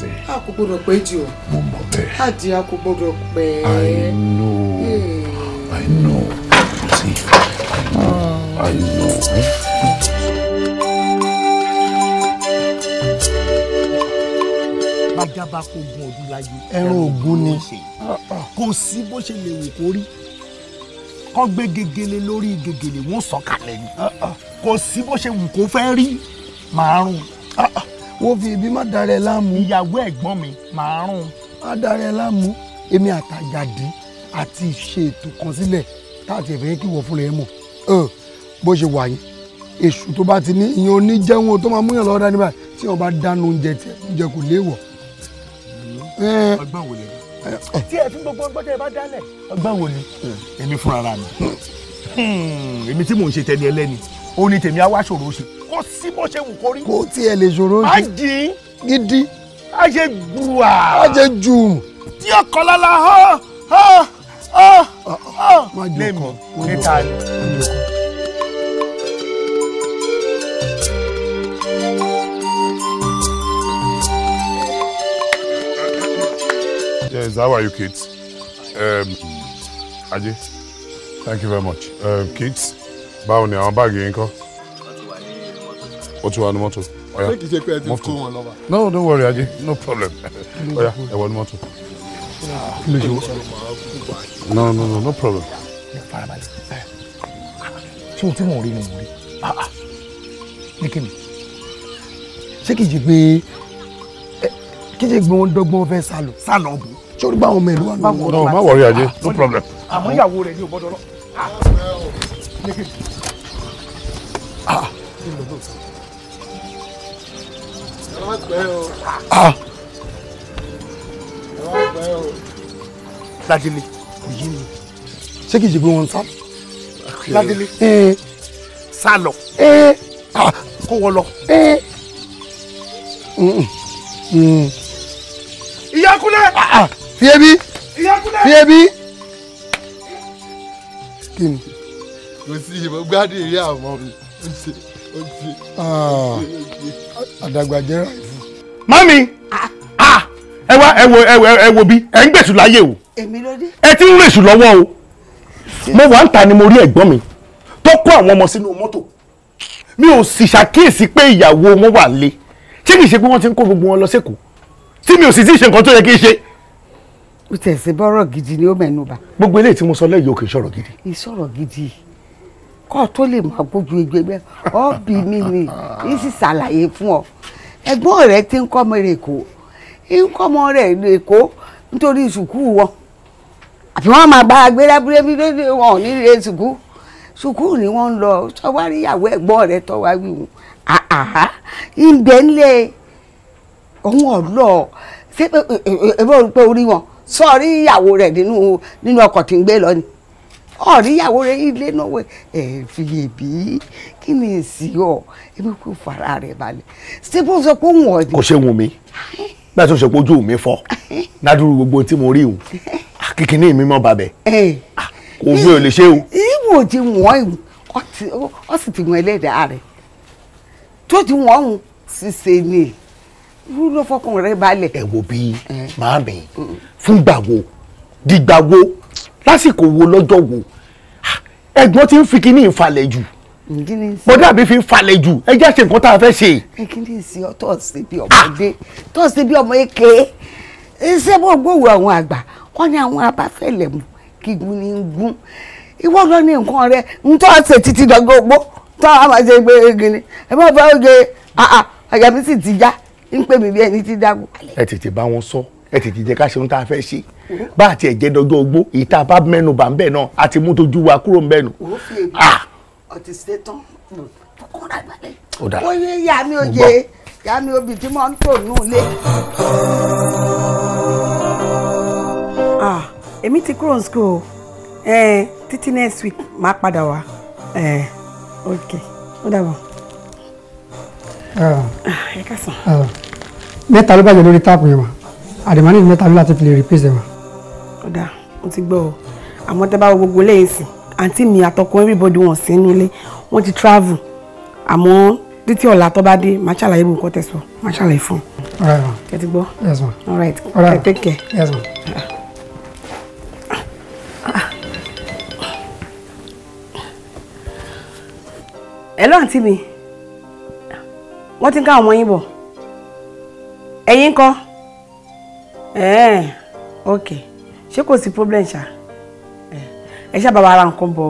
ṣe. a kò gbọdọ̀ pẹ́ jù o. mo mọ bẹ́ẹ̀. àdì a kò gbọdọ̀ pẹ́. I know I know see I know I know. bá kógun ọdún láyé. ẹran ògún ni kò sí bó ṣe lè wò kó rí kọ́ gbé gegele lórí gegele wọ́n sọ kalẹ̀ ni kò sí bó ṣe wù kó fẹ́ rí màá rún. wọ́n fi ibi má darẹ̀ láàmú. ìyàwó ẹ̀gbọ́n mi màá rún. má darẹ̀ láàmú èmi àtàjàdí àti ìṣe ètò kan sílẹ̀ táàtì ẹ̀fẹ̀ yẹn kí wọ́n fúnra ẹ̀ mọ̀ bó ṣe wà yín èṣù tó bá ti ní ìyẹn oníjẹun tó máa múyàn lọ́wọ́ dání báyìí tí wọ́n bá dánú oúnjẹ tiẹ̀ oúnjẹ kò léèwọ̀ Eh. ọgbọ́n wo lè ní. Eh. tí ẹ fi gbogbo ọgbọ́n tẹ ẹ bá dálẹ̀ ọgbọ́n wo ni. Eh. èmi fúnra ra mi hmm, èmi tí mò ń ṣe tẹni ẹlẹ́ni ó ní tèmi á wá ṣòro ṣe kó sí bó ṣe wù kó rí. kó tiẹ̀ lè ṣòro ṣe. á jìn gidi. á ṣe gbùwà. á ṣe jùm. tí ọkọ lọ́la hàn hàn hàn ah, hàn. Ah, ah. má jẹ́ ọkọ lẹ́mi níta ni. Yes, how are you, kids? Um, Ajé, thank you very much. Um, kids, báwo ni àwọn báàgì yín kọ́? Ó ti wà ní mọ́tò. Oya, mọ́tò. No, kìí ṣe pé ẹ ti kó wọn lọ́wọ́? No, don't worry, Ajé, no problem. Ọ̀ya, ẹ wọ ní mọ́tò. Kí ló ṣe wọ́n? No, no, no, no problem. Ṣé o tí mò ń rí ni mò ń rí? Ah, ah. Ní kí ni? Ṣé kìí ṣe pé kìí ṣe pé wọ́n dọ́gbọ́n fẹ́ sálọ? Sálọ ọ̀bùn ṣé olùgbà àwọn ọmọ ìlú wa ló ń wọ. wọrí ajé no problem. àmọ́ ìyàwó rẹ̀ ni ò gbọ́dọ̀ lọ. ládìlé kò yé ṣé kìí ṣe pé wọ́n ń sá eh. eh. ah. kó wọ lọ. Eh. Mm. ìyá kúnlẹ̀. Ah, ah fiebi fiebi. skin. kò sí ìbọn gbádùn eré àwọn ọmọ mi ó ti ó ti. Ah, àdàgbà jẹ́ ráìfù. mami ah, ah, ẹ wá ẹ wo ẹ wo ẹ wo bí ẹ ń gbèsù láyé o ẹ ti ń rèsù lọ́wọ́ o mo wà ń ta ni mo rí ẹ̀gbọ́n mi tó kó àwọn ọmọ sínú mọ́tò mi ò sì ṣàkíyèsí pé ìyàwó wọn wà lé ṣé kìí ṣe pé wọ́n ti ń kó gbogbo wọn lọ sẹ́kọ̀ọ́ tí mi ò sì ti ṣe nǹkan tó yẹ kí n ṣe o tẹ̀ sí bọ́rọ̀ gidi ni ó mẹ́nu bà. gbogbo eléyìí tí mo sọ lẹ́yìn òkè sọ̀rọ̀ gidi. ìsọ̀rọ̀ gidi kọ́ ọ tó lè máa gbójú egbe bẹ́ẹ̀ ọ́ bí mi ni yìí sì ṣàlàyé fún ọ. ẹ̀gbọ́n rẹ̀ ti ń kọ́mọ rẹ̀ èkó ń kọ́mọ rẹ̀ èkó nítorí sùkúù wọn àfi wọ́n máa bá agbé lábúlé mi lóde wọn ò ní ilé sùkúù sùkúù ni wọ́n ń lọ sọwárí ìyàwó ẹ̀gbọ́n rẹ̀ tọ́wá wíwù àhà ń bẹ́ńlẹ̀ òun ọ̀lọ́ ṣé ẹ bọ́ pé orí wọn sọ̀rí ìyàwó rẹ̀ nínú nínú ọkọ̀ tí ń gbé lọ ni ọ̀rí ìyàwó rẹ̀ ilé náà wẹ̀ ẹ̀ fi èbí kí ni èsì ọ̀ ebi kò fara rẹ̀ balẹ̀ ṣé bó sọ pé òun ọ̀dẹ. kò ṣe wù mí nígbà tó ṣe pé ojú mi fọ́ nádúró gbogbo tí mo rí òun ah, kíkiní mi mọ́ babẹ̀ ah, kò gbé ò lè ṣe o. ìwò ti wọ́n ọ sì ti wọ́n ẹlẹ́dàá rẹ̀ tó ti wọ́n òun ṣiṣẹ́ ni rú ló fọkàn rẹ balẹ̀. ẹ wo bí màámi fúngbà wo dìgbà wo lásìkò wo lọ́jọ́ wo ẹ̀gbọ́n ti ń fi kíní ìfalẹ̀ jù bọ́dà mi fi ń falẹ̀ jù ẹ jẹ́ ṣe nǹkan tá a fẹ́ ṣe. ẹ kí ni ìsìn ọ tó ṣe bí ọmọdé tó ṣe bí ọmọ èké ṣé mo gbówó àwọn àgbà wọn ni àwọn abáfẹ́lẹ̀ mú kí gun ni gun ìwọ lọ ní nǹkan rẹ ń tọ́ ṣe títí dọ́gbọ́gbó tọ́ a máa ṣe gbé egin ni ẹ bá bá oge àyà mi sì ti já ń pè mí bí ẹni tí dákú. ẹ tètè bá wọn sọ ẹ tètè jẹ ká ṣe ohun tá a fẹ́ ṣe bá àti ẹ̀jẹ̀ dọ́jọ́ ogbó ìta bá mẹ́nu bá ń bẹ̀ náà àti mú tójú wa kúrò ń bẹ̀ nù. Ah! ọtí ṣe tán kó rà balẹ̀ ó yé yá mi oje yá mi obì tí mo ń tò nù lé. Ah, èmi ti kúrò ní eh, títí next week máa padà wá eh, ok ó dàbọ̀. Ah, ẹ ká sàn. Ah. mẹ́ta ló bàjẹ́ lórí táàpù yẹn wa àdèmánì mẹ́ta ló láti fi lè replace ẹ̀ wa. ọ̀dà mo ti gbọ́ ọ àmọ́ tẹ́ bá wo gbogbo lẹ́yìn sí àǹtí mi àtọkọ everybody wọn sí inú ilé wọ́n ti travel àmọ́ títí ọ̀la tó bá dé màá ṣàlàyé gbogbo tẹ̀ sọ màá ṣàlàyé fún un. ẹ ti gbọ́ yes ma all right ẹ take care. yes ma. hello àǹtí mi wọ́n ti ń ká ọmọ yín bọ̀ ẹ̀yin ńkọ́ ẹ̀ẹ́n ok ṣé kò sí problem ṣá ẹ ṣá bàbá ara nǹkan bọ̀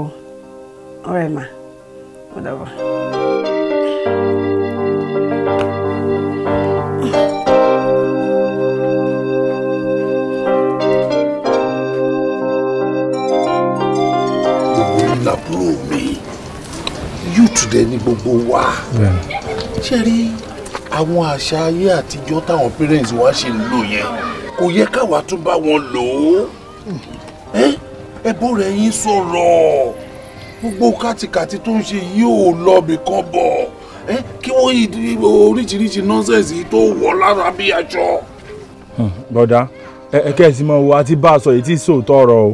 ọ̀rẹ́ mà ó dàbọ̀. àbúrò mi yóò tún dẹ ní gbogbo wa. Yeah ṣe rí àwọn àṣà ayé àtijọ́ táwọn parents wa ṣe ń lò yẹn kò yẹ káwa tún bá wọn lò ó ẹbọ rẹ yín sọ̀rọ̀ gbogbo kàtìkàtì tó ń ṣe yìí ò lọbì kan bọ̀ kí wọ́n yí oríṣiríṣi nọ́sẹ̀sì tó wọ̀ lára bí aṣọ. bọ́dà ẹ kẹ́sì mọ́ wo àti bá a sọ èyí tí sòótọ́ ọ̀rọ̀ o.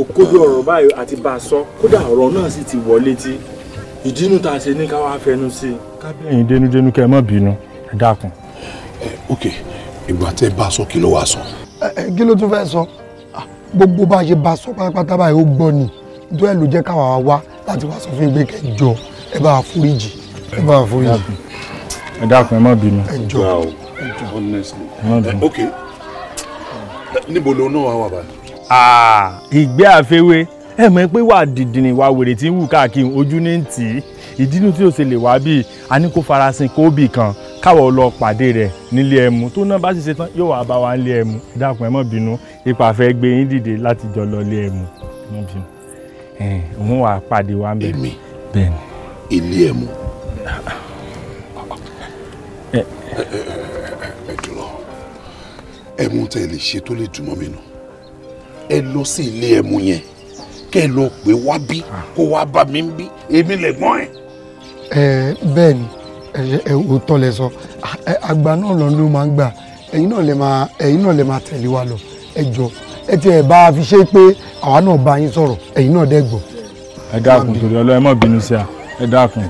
òkojú ọ̀rọ̀ báyìí àti bá a sọ kódà ọ̀rọ̀ náà sì ti wọlé tí ìdínú tá a ṣe ní ká fẹnu sí i kábẹ́yìn dénúdénú kẹ́ ẹ má bínú ẹ dákun. Eh, ok ìgbà tẹ bá sọ kí ló wàá sọ. Eh, eh, kí ló tún fẹ́ sọ ah, gbogbo bá a ṣe bá a sọ pátápátá báyìí ó gbọ́ ni tó ẹ̀ ló jẹ́ káwa wá wá láti wá sọ fún ìgbé kẹjọ ẹ bá a foríjì ẹ bá a foríjì. ẹ dákun ẹ má bínú. ẹ jọ ẹ ok níbo ló náà wà wà báyìí. Ah, ìgbé àfẹwé ẹ mọ̀ pé wà dìdìrín wà wèrè tí ń wù káàkiri ojú ní ń ìdínú tí ó ṣe lè wá bíi àníkó farasin kóbì kan káwọ lọ pàdé rẹ̀ nílé ẹmu tó náà bá sì ṣe tán yóò wá bá wa nílé ẹmu dákun ẹ má bínú ipa fẹ́ gbé yín dìde láti jọ lọ ilé ẹmu ẹ má bínú ẹ òun wà pàdé wa bẹ. èmi bẹ́ẹ̀ni. ilé ẹmu. ẹ ẹ dúró ẹmu tẹ lè ṣe tó lè dùn mọ́ mi nù ẹ lọ sí ilé ẹmu yẹn kẹ́ lọ pé wá bí kó wá bá mi bí èmi lè gbọ́n ẹ̀ bẹ́ẹ̀ ni òótọ́ lẹ sọ àgbà náà lọ ló máa ń gbà ẹ̀yin náà lè máa ẹ̀yin náà lè máa tẹ̀lé wa lọ ẹ jọ ẹ tiẹ̀ bá a fi ṣe pé àwa náà bá yín sọ̀rọ̀ ẹ̀yin náà dẹ́ gbọ́. ẹ dákun torí ọlọ́run mọ̀ bínú sí a ẹ dákun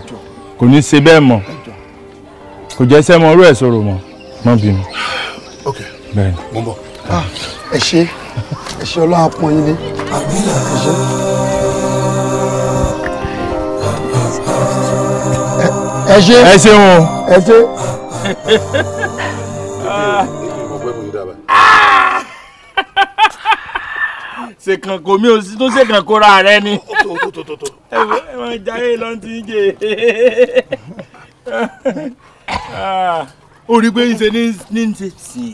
kò ní ṣe bẹ́ẹ̀ mọ́ kò jẹ́ sẹ́mọ orú ẹ̀ sọ̀rọ̀ mọ́ mọ́ bínú. ok bẹ́ẹ̀ ni mo ń bọ̀. Ah, ẹ ṣe ẹ ṣe ọlọ́run apọ̀ yín lé ẹ ṣe. ẹ ṣe ẹ ṣe wọn ẹ ṣe. ṣèkàn kò mí ò sí tó ṣèkàn kóra rẹ ni ẹ máa jáyé lọ́n ti ń jẹ ah. ó rí i pé ń ṣe ní ń ṣe sí.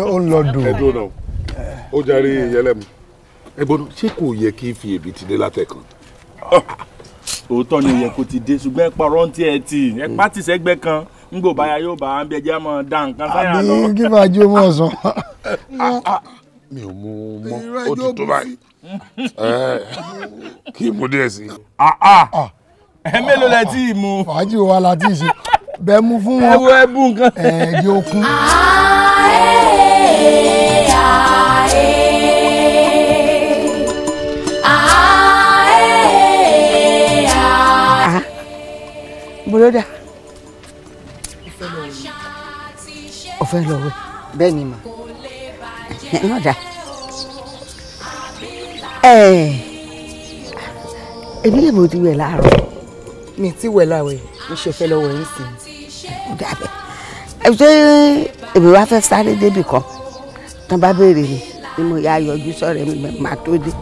ó ń lọ dùn. ẹ dúró náà ó jàre ìyẹlẹ mu ẹ gbọ́dọ̀ ṣé kò yẹ kí n fi èbìtì dé látẹkàn òótọ́ ni yẹ kó ti dé ṣùgbọ́n ẹ parọ́ ti ẹ tì ẹ pátì sẹ́gbẹ́ kan ngbò báyà yóò bá ń bẹ jẹ́ mọ́ da nǹkan sáyà lọ. àbí gíga ju mọ́ sàn. mi ò mú un mọ́ ó ti tó báyìí kí n mú díẹ̀ sí ah, ah. Ah. ẹ mélòó lẹ tí ì mú. fàájì wa la ti ṣe bẹ́ẹ̀ mú fún wọn. ẹ wo okun. bùrọ̀dà ọ̀fẹ́ lọ́wọ́ bẹ́ẹ̀ ni mà náà dà èmi lè mọ ojú wẹ̀ láàárọ̀. mi ti wẹ̀ láwẹ̀ mi ṣe fẹ́ lọ́wọ́ yín sí i. dàbẹ̀ ẹ ṣe èmi wá fẹ́ sáré débì kan tán bá béèrè mi ni mo yá yọjú sọ̀rọ̀ mi màá tó dé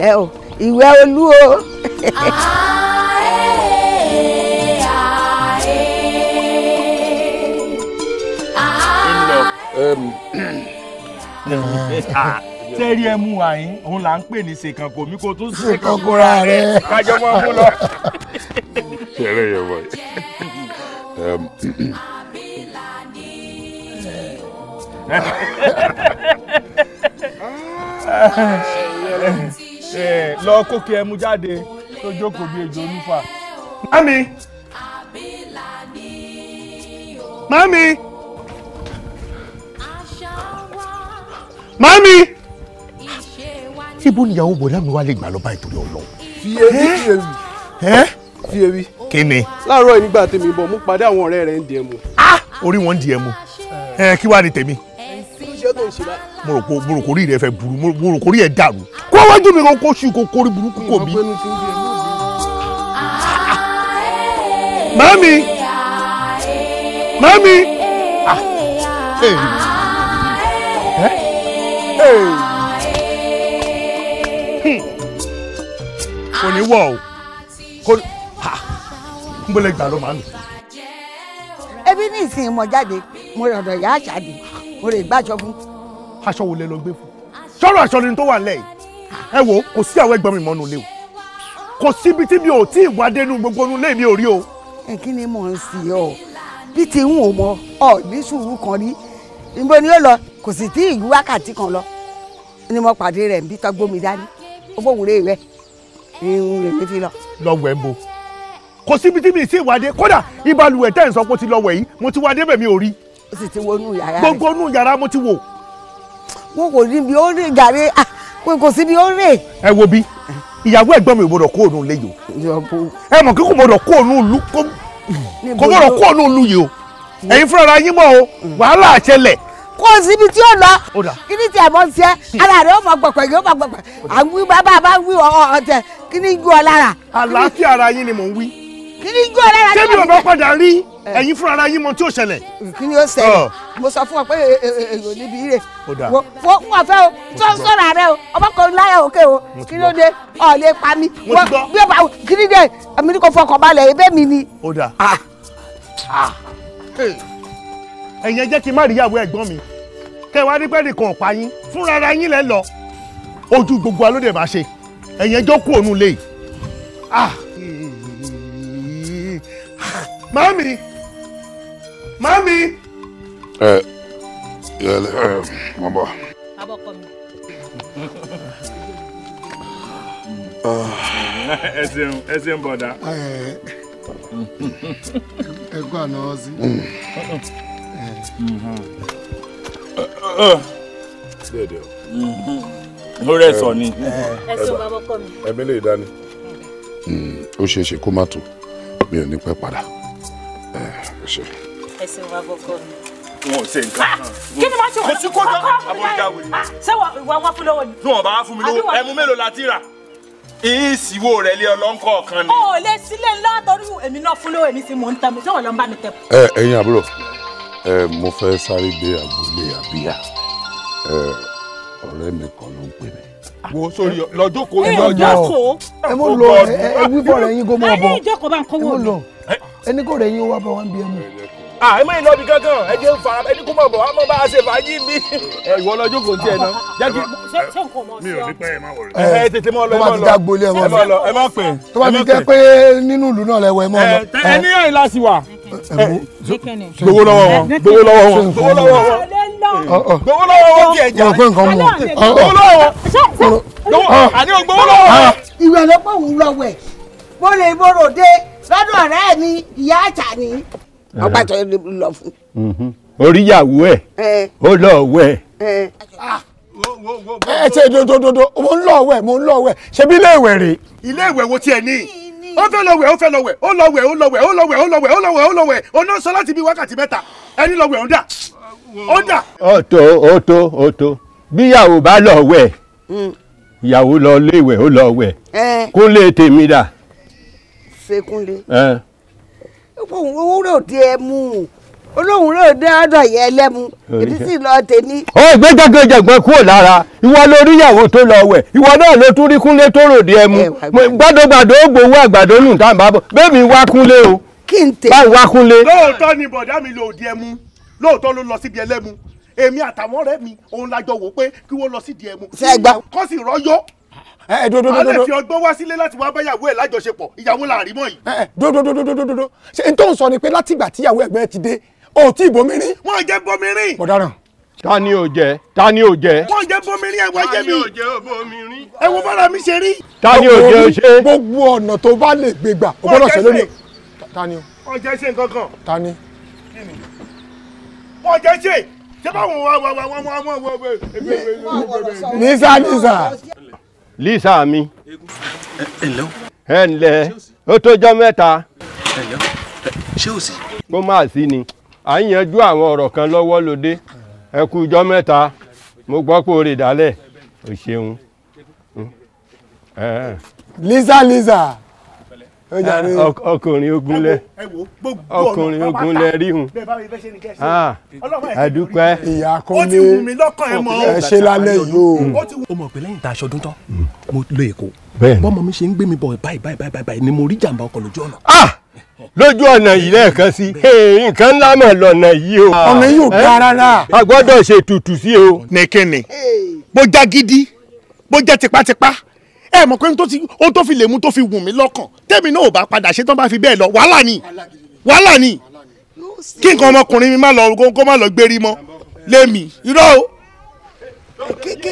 lẹ́ ìwé olú o. tẹ́rí ah. ẹ mú wa yín òun là ń pè ní ṣèkànkò mi kò tún ṣèkànkò ra rẹ kájọ mọ́ fún lọ. tẹ́rẹ̀ yẹn wọ̀ eh, eh, lọ kókè ẹmu jáde tó jókòó bí ejò onífà. mami mami. mami ibo níyàwó bọ̀dá mi wá lè gbà lọ báyìí torí ọlọ. fi ebi fi ebi. ẹ fi ebi. kí ni. láàárọ̀ yìí nígbà tèmi bọ̀ mo pàdé àwọn ọ̀rẹ́ rẹ̀ ń di ẹmu. orí wọn ń di ẹmu ẹ kí wàá ní tèmi. mo rò kó mo rò kó rí rẹ fẹ́ burú mo rò kó rí ẹ dàrú kó wájú mi kó ṣù kó kórí burúkú kò mí. mami mami. Ah. Hey. Hmm. kò ní wọ̀ o kò n bọ́lẹ̀ gbà ló máa nù. ẹbí ní ìsìn mọ jáde mo rọ̀dọ̀ yá àṣàdì mo rè gbàṣọ fún. aṣọ wo lẹ lọ gbé fún sọ̀rọ̀ aṣọ ni tó wà nílẹ̀ yìí ẹ wo kò sí àwọn ẹ̀gbọ́n mi mọ́nu lé o kò síbi tí mi ò tí ì wá dénú gbogbo inú lé mi ò rí o. ẹ kí ni mò ń sì ọ bí ti ń wò mọ ọ ní sùúrù kan rí ibo ni ó lọ kò sì tí ì wákàtí kan lọ ni mo pàdé rẹ̀ nbí tó gbómi dání owó òwúrẹ́ rẹ̀ irun rẹ̀ mi fi lọ. lọ́wọ́ ẹ̀ ń bo kò síbi tí mi sì wádé kódà ìbalùwẹ̀ tẹ̀ ń sọ pé ó ti lọ́wọ́ yìí mo ti wádé bẹ̀ mi ò rí. o sì ti wọnú yàrá rẹ̀ gbogbo nú yàrá mo ti wò. wọn kò níbi ó rè gàre ah, kò síbi ó rè. ẹ wo bí ìyàwó ẹ̀gbọ́n mi ò gbọ́dọ̀ kó òun lé yìí o ẹ mọ̀ kí kò gbọ́dọ̀ kó òun lú kò gbọ́dọ̀ kó òun lú yìí o ẹ̀yin fúnra yín mọ̀ o mm. wàhálà àṣẹlẹ̀ kó síbi tí ó lọ kíní tí ẹ mọ ń ṣe hmm. ara rẹ ó mọ gbọgbẹ yóò mọ gbọgbẹ àwọn bàbá bá wí ọtẹ kíní gbọ lára. àlàáfíà ara yín ni mò ń wí. kíní gbọ lára. tẹ́mi ò bá padà rí ẹ̀yin fúnra ara yín mọ tí ó ṣẹlẹ̀. Hmm, kíní ó ṣẹlẹ̀ mo sọ fún ọ pé èrò níbi ire wo fún ọ̀fẹ́ o tó ń sọ̀rọ̀ rẹ o ọmọkùnrin láyà òkè o kíní ó dé ọ̀ lè pa mí bí ó bá kíní dé àmì ní kò fọkàn balẹ̀ ebe mi ni. ó dà. Ah. Ah ẹ̀yin ẹ kí n má rí ìyàwó ẹ̀gbọ́n mi kẹ́ ẹ wá rí pẹ́ẹ́rì kan ọ̀pá yín fúnra ara yín lẹ́ lọ ojú gbogbo alóde bá ṣe ẹ̀yin ẹjọ́ kú òun lè. Ah! mami mami. ẹ ẹ ẹ mo bọ. abọ́ mi. ẹ ṣeun ẹ ṣeun bọ̀dá. ẹ gbọ́ àná ọ sí. Mm sílẹ̀ mm-hmm. dẹ̀ o. Mm-hmm. ó rẹ̀sọ̀ ni. ẹ̀sùn bàbá ọkọ mi. ẹ̀mí lè dání. Mm, ó ṣeé ṣe kó má tó mi ò ní pẹ́ padà. ẹ̀sùn bàbá ọkọ mi. wọn ò ṣe nǹkan. Ah, kí ni wọ́n ṣe wọ́n ti kó jọ àbójà wò ni. ṣé wàá wá fún lọ́wọ́ ni. ní wọn bá wá fún mi lówó ẹmu mélòó la ti rà ìsìwò rẹ lé ọlọ́nkọ̀ kan ni. o ò lè sílẹ̀ ńlá torí èmi náà fún lówó èmi sì mò ń tẹ́ mo ṣé wọ́n lọ ń bá mi tẹ́. ẹ ẹ̀yin àbúrò mo fẹ́ sáré dé àgbọ̀lé àbíyá ọ̀rẹ́ mi kan ló ń pè mí. wo sórí lọ́jọ́ kò ní ọjà ẹ mọ lọ ẹ wíbọ rẹ yín kó bọ ẹ mọ lọ ẹni kò rẹ yín wá bá wa bí ah, ẹ mọ. ẹ mọ̀yìn lọ́bi kankan ẹ jẹ́ fara ẹni kó mọ̀ bọ̀ wá mọ̀ bá a ṣe fàájì mi. ẹ ìwọ lọ́jọ́ kò tiẹ̀ náà jákè. mi ò ní pẹ́ ẹ má wọlé. ẹ tètè mọ lọ ẹ mọ lọ ẹ mọ lọ ẹ má pẹ́. tó bá ti jẹ́ pé nínú ìlú náà lẹ wọ ẹ mọ lọ. ẹ ní gbowó lọ́wọ́ wọn gbowó lọ́wọ́ wọn gbowó lọ́wọ́ wọn gbowó lọ́wọ́ wọn kì í jà gbowó lọ́wọ́ wọn àní o gbowó lọ́wọ́ wọn. Ah. ìwé ló pọ̀ wù lọ́wọ́ ẹ̀ mo lè borò dé lọ́dún ọ̀rẹ́ mi ìyá àjà ni eh. ọgbà tó lọ fún. Mm-hmm. oríyàwó ẹ̀ eh. ó lọ́ọ̀wọ́ ẹ̀ ẹ ṣe dododo mo ń lọ ọwẹ mo ń lọ ọwẹ ṣebí ilé ìwẹ̀ rèé. ilé ìwẹ̀ wo tiẹ̀ ní ó fẹ́ lọ wẹ̀ ó fẹ́ lọ wẹ̀ ó lọ wẹ̀ ó lọ wẹ̀ ó lọ wẹ̀ ó lọ wẹ̀ ó lọ wẹ̀ ó lọ wẹ̀ ó náà sọ láti bí wákàtí mẹ́ta ẹni lọ wẹ̀ ó dà ó dà. ó tó ó tó ó tó bíyàwó bá lọ wẹ̀ hmm. ìyàwó lọ lé ìwẹ̀ ó lọ wẹ̀ kúnlé tèmi dà. ṣé kúnlé. owó rẹ̀ ò dé ẹ mú un olóhùn náà dé ọ̀dọ̀ yẹ ẹlẹ́mu èmi sì lọ tèmi. ó gbẹjọgbẹ jẹgbọn kúrò lára ìwọ ló rí ìyàwó tó lọ wẹ ìwọ náà ló tún rí kúnlé tó ròde ẹmu gbàdógbàdó ó gbowó àgbàdo nù tá à ń bá bọ bẹẹmi wá kúnlé o kí n tè. báyìí wá kúnlé. lóòótọ́ ni bọ̀dá mi lòdì ẹmu lóòótọ́ ló lọ síbi ẹlẹ́mu èmi àtàwọn ọ̀rẹ́ mi òun la jọ wò pé kí wọ́n lọ síbi ẹmu. sẹ́gbà kọ́ sì rọ́yọ́ ẹ dodo dodo dodo. alẹ́ fi ọgbọ́n wá sílé láti wá báyàwó ẹ̀ lájọṣepọ̀ ìyàwó làárí mọ́ yìí. dodo dodo dodo dodo ṣe n tó ń sọ ni pé látìgbà tíyàwó ẹ̀gbẹ́ ti dé ò tí ì bomi rin. wọn ò jẹ bomi rin. mo dáràn. ta ni ò jẹ ta ni ò jẹ. wọn ò jẹ bomi rin ẹwà jẹ mi. ta ni ò jẹ bomi rin. ẹ wo bára mi ṣe rí. ta ni ò jẹ o ṣe. gbogbo ọ̀nà tó bá lè gbé gbà o gbọ́dọ̀ ṣe lórí. ta ni o. wọn jẹ ṣe nǹkan kan. ta ni. wọn jẹ ṣe ṣé báwọn wà wà wà wà wà wà wà. nisa nisa. lisa mi. ẹ ǹlẹ́ ó tó jọ́ mẹ́ta. ṣé o sì. kó máa sí ni à ń yanjú àwọn ọ̀rọ̀ kan lọ́wọ́ lóde ẹ kú ijọ́ mẹ́ta mo gbọ́ pé o rè dálẹ̀ o ṣeun. Lisa Lisa ọkùnrin ogunlẹ ọkùnrin ogunlẹ ríhun àdúpẹ́ ìyá kọ́lé ẹ ṣe lálẹ́ yìí o. ó mọ̀ pé lẹ́yìn tá a ṣọdún tán mm. mo lọ Èkó bọ́mọ mi ṣe ń gbé mi bọ̀ báyìí báyìí báyìí ni mo rí jàǹbá ọkọ̀ lójú ọ̀nà. Ah! lójú ọ̀nà yìí lẹ́ẹ̀kan sí nǹkan ńlá mọ̀ lọ́nà yìí o. ọ̀nà yìí ò ga rárá. a gbọ́dọ̀ ṣe tutù sí o. nìkìnì bó já gidi bó jẹ́ tipátipá ẹ mọ̀ pé ohun tó fi lè mú tó fi wù mí lọ́kàn tẹ́mi náà ò bá padà ṣe tán bá fi bẹ́ẹ̀ lọ wàhálà ni wàhálà ni kí nǹkan ọmọkùnrin mi má lọ kó má lọ gbérí mọ́ lémi irọ́ o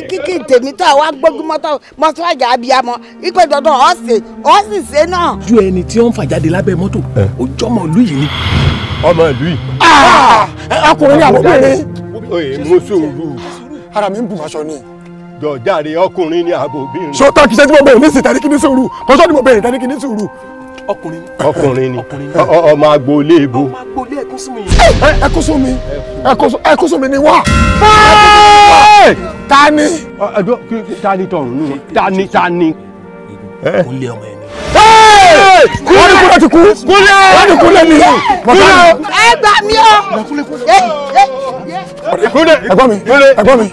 kíkí tèmi tá a wá gbógun mọ́tò mọ́tò àjà abiyamọ ipe dandan ọ̀sìn ọ̀sìn ṣe náà. ju ẹni tí ó ń fàjáde lábẹ́ mọ́tò ó jọmọ ìlú yìí ni. ọmọ ìlú yìí. Ah! Ah! ọkùnrin àbúrò. oye mo sòrò. ara mi ń bùn aṣọ ni jọjáre ọkùnrin ni àbòbí. sọ tá kìí ṣe tí mo bẹ̀rẹ̀ ní sèta ní kíní sùúrù kọ́sọ́ ni mo bẹ̀rẹ̀ ní kíní sùúrù ọkùnrin ni. ọkùnrin ni ọmọ agboolé ebo. ọmọ agboolé ẹkúnsómi. ẹkúnsómi ẹkúnsómi ni wá. ta ni. ta ni tọrùn nù ta ni ta ni. kúnlẹ̀ ọmọ ẹni. kúnlẹ̀ kúnlẹ̀ ti kú kúnlẹ̀ ti kúnlẹ̀ ni. kúnlẹ̀ ẹ gbà mí o. kúnlẹ̀ ẹ̀gbọ́n mi ẹ̀gbọ́n mi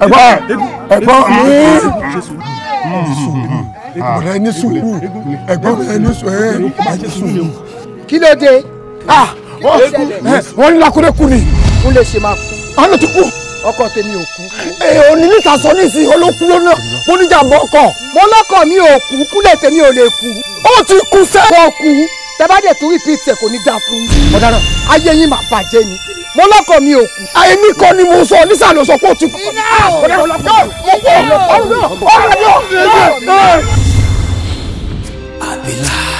ẹ̀gbọ́n mi ẹ̀gbọ́n mi ọ̀rẹ́ ní sùúrù ẹ̀gbọ́n rẹ̀ ní sùúrù ẹ̀ máa ní sùúrù. kí ló dé. Ah, wọ́n ní lakunle kú ni. n lè ṣe máa kú. àná ti kú. ọkọ tèmi ò kú. ee òní níta sọ nísìnyí olókùn lónà mo níjà bọ́ ọkọ. mo lọ́kọ̀ mi ò kú kúlẹ̀ tèmi ò lè kú. ó ti kú sẹ́. kò kú tẹ́bàdẹ̀ tó rí pt kò ní dáa fún yín. ọ̀daràn ayé yín máa bàjẹ́ ni mo lọ́kọ̀ mi ò kú. àìní kan ni mo sọ nísà ló sọ pé ó ti kú. iná o mo kú ọ̀rọ̀ náà ọ̀rọ̀ náà. I loud.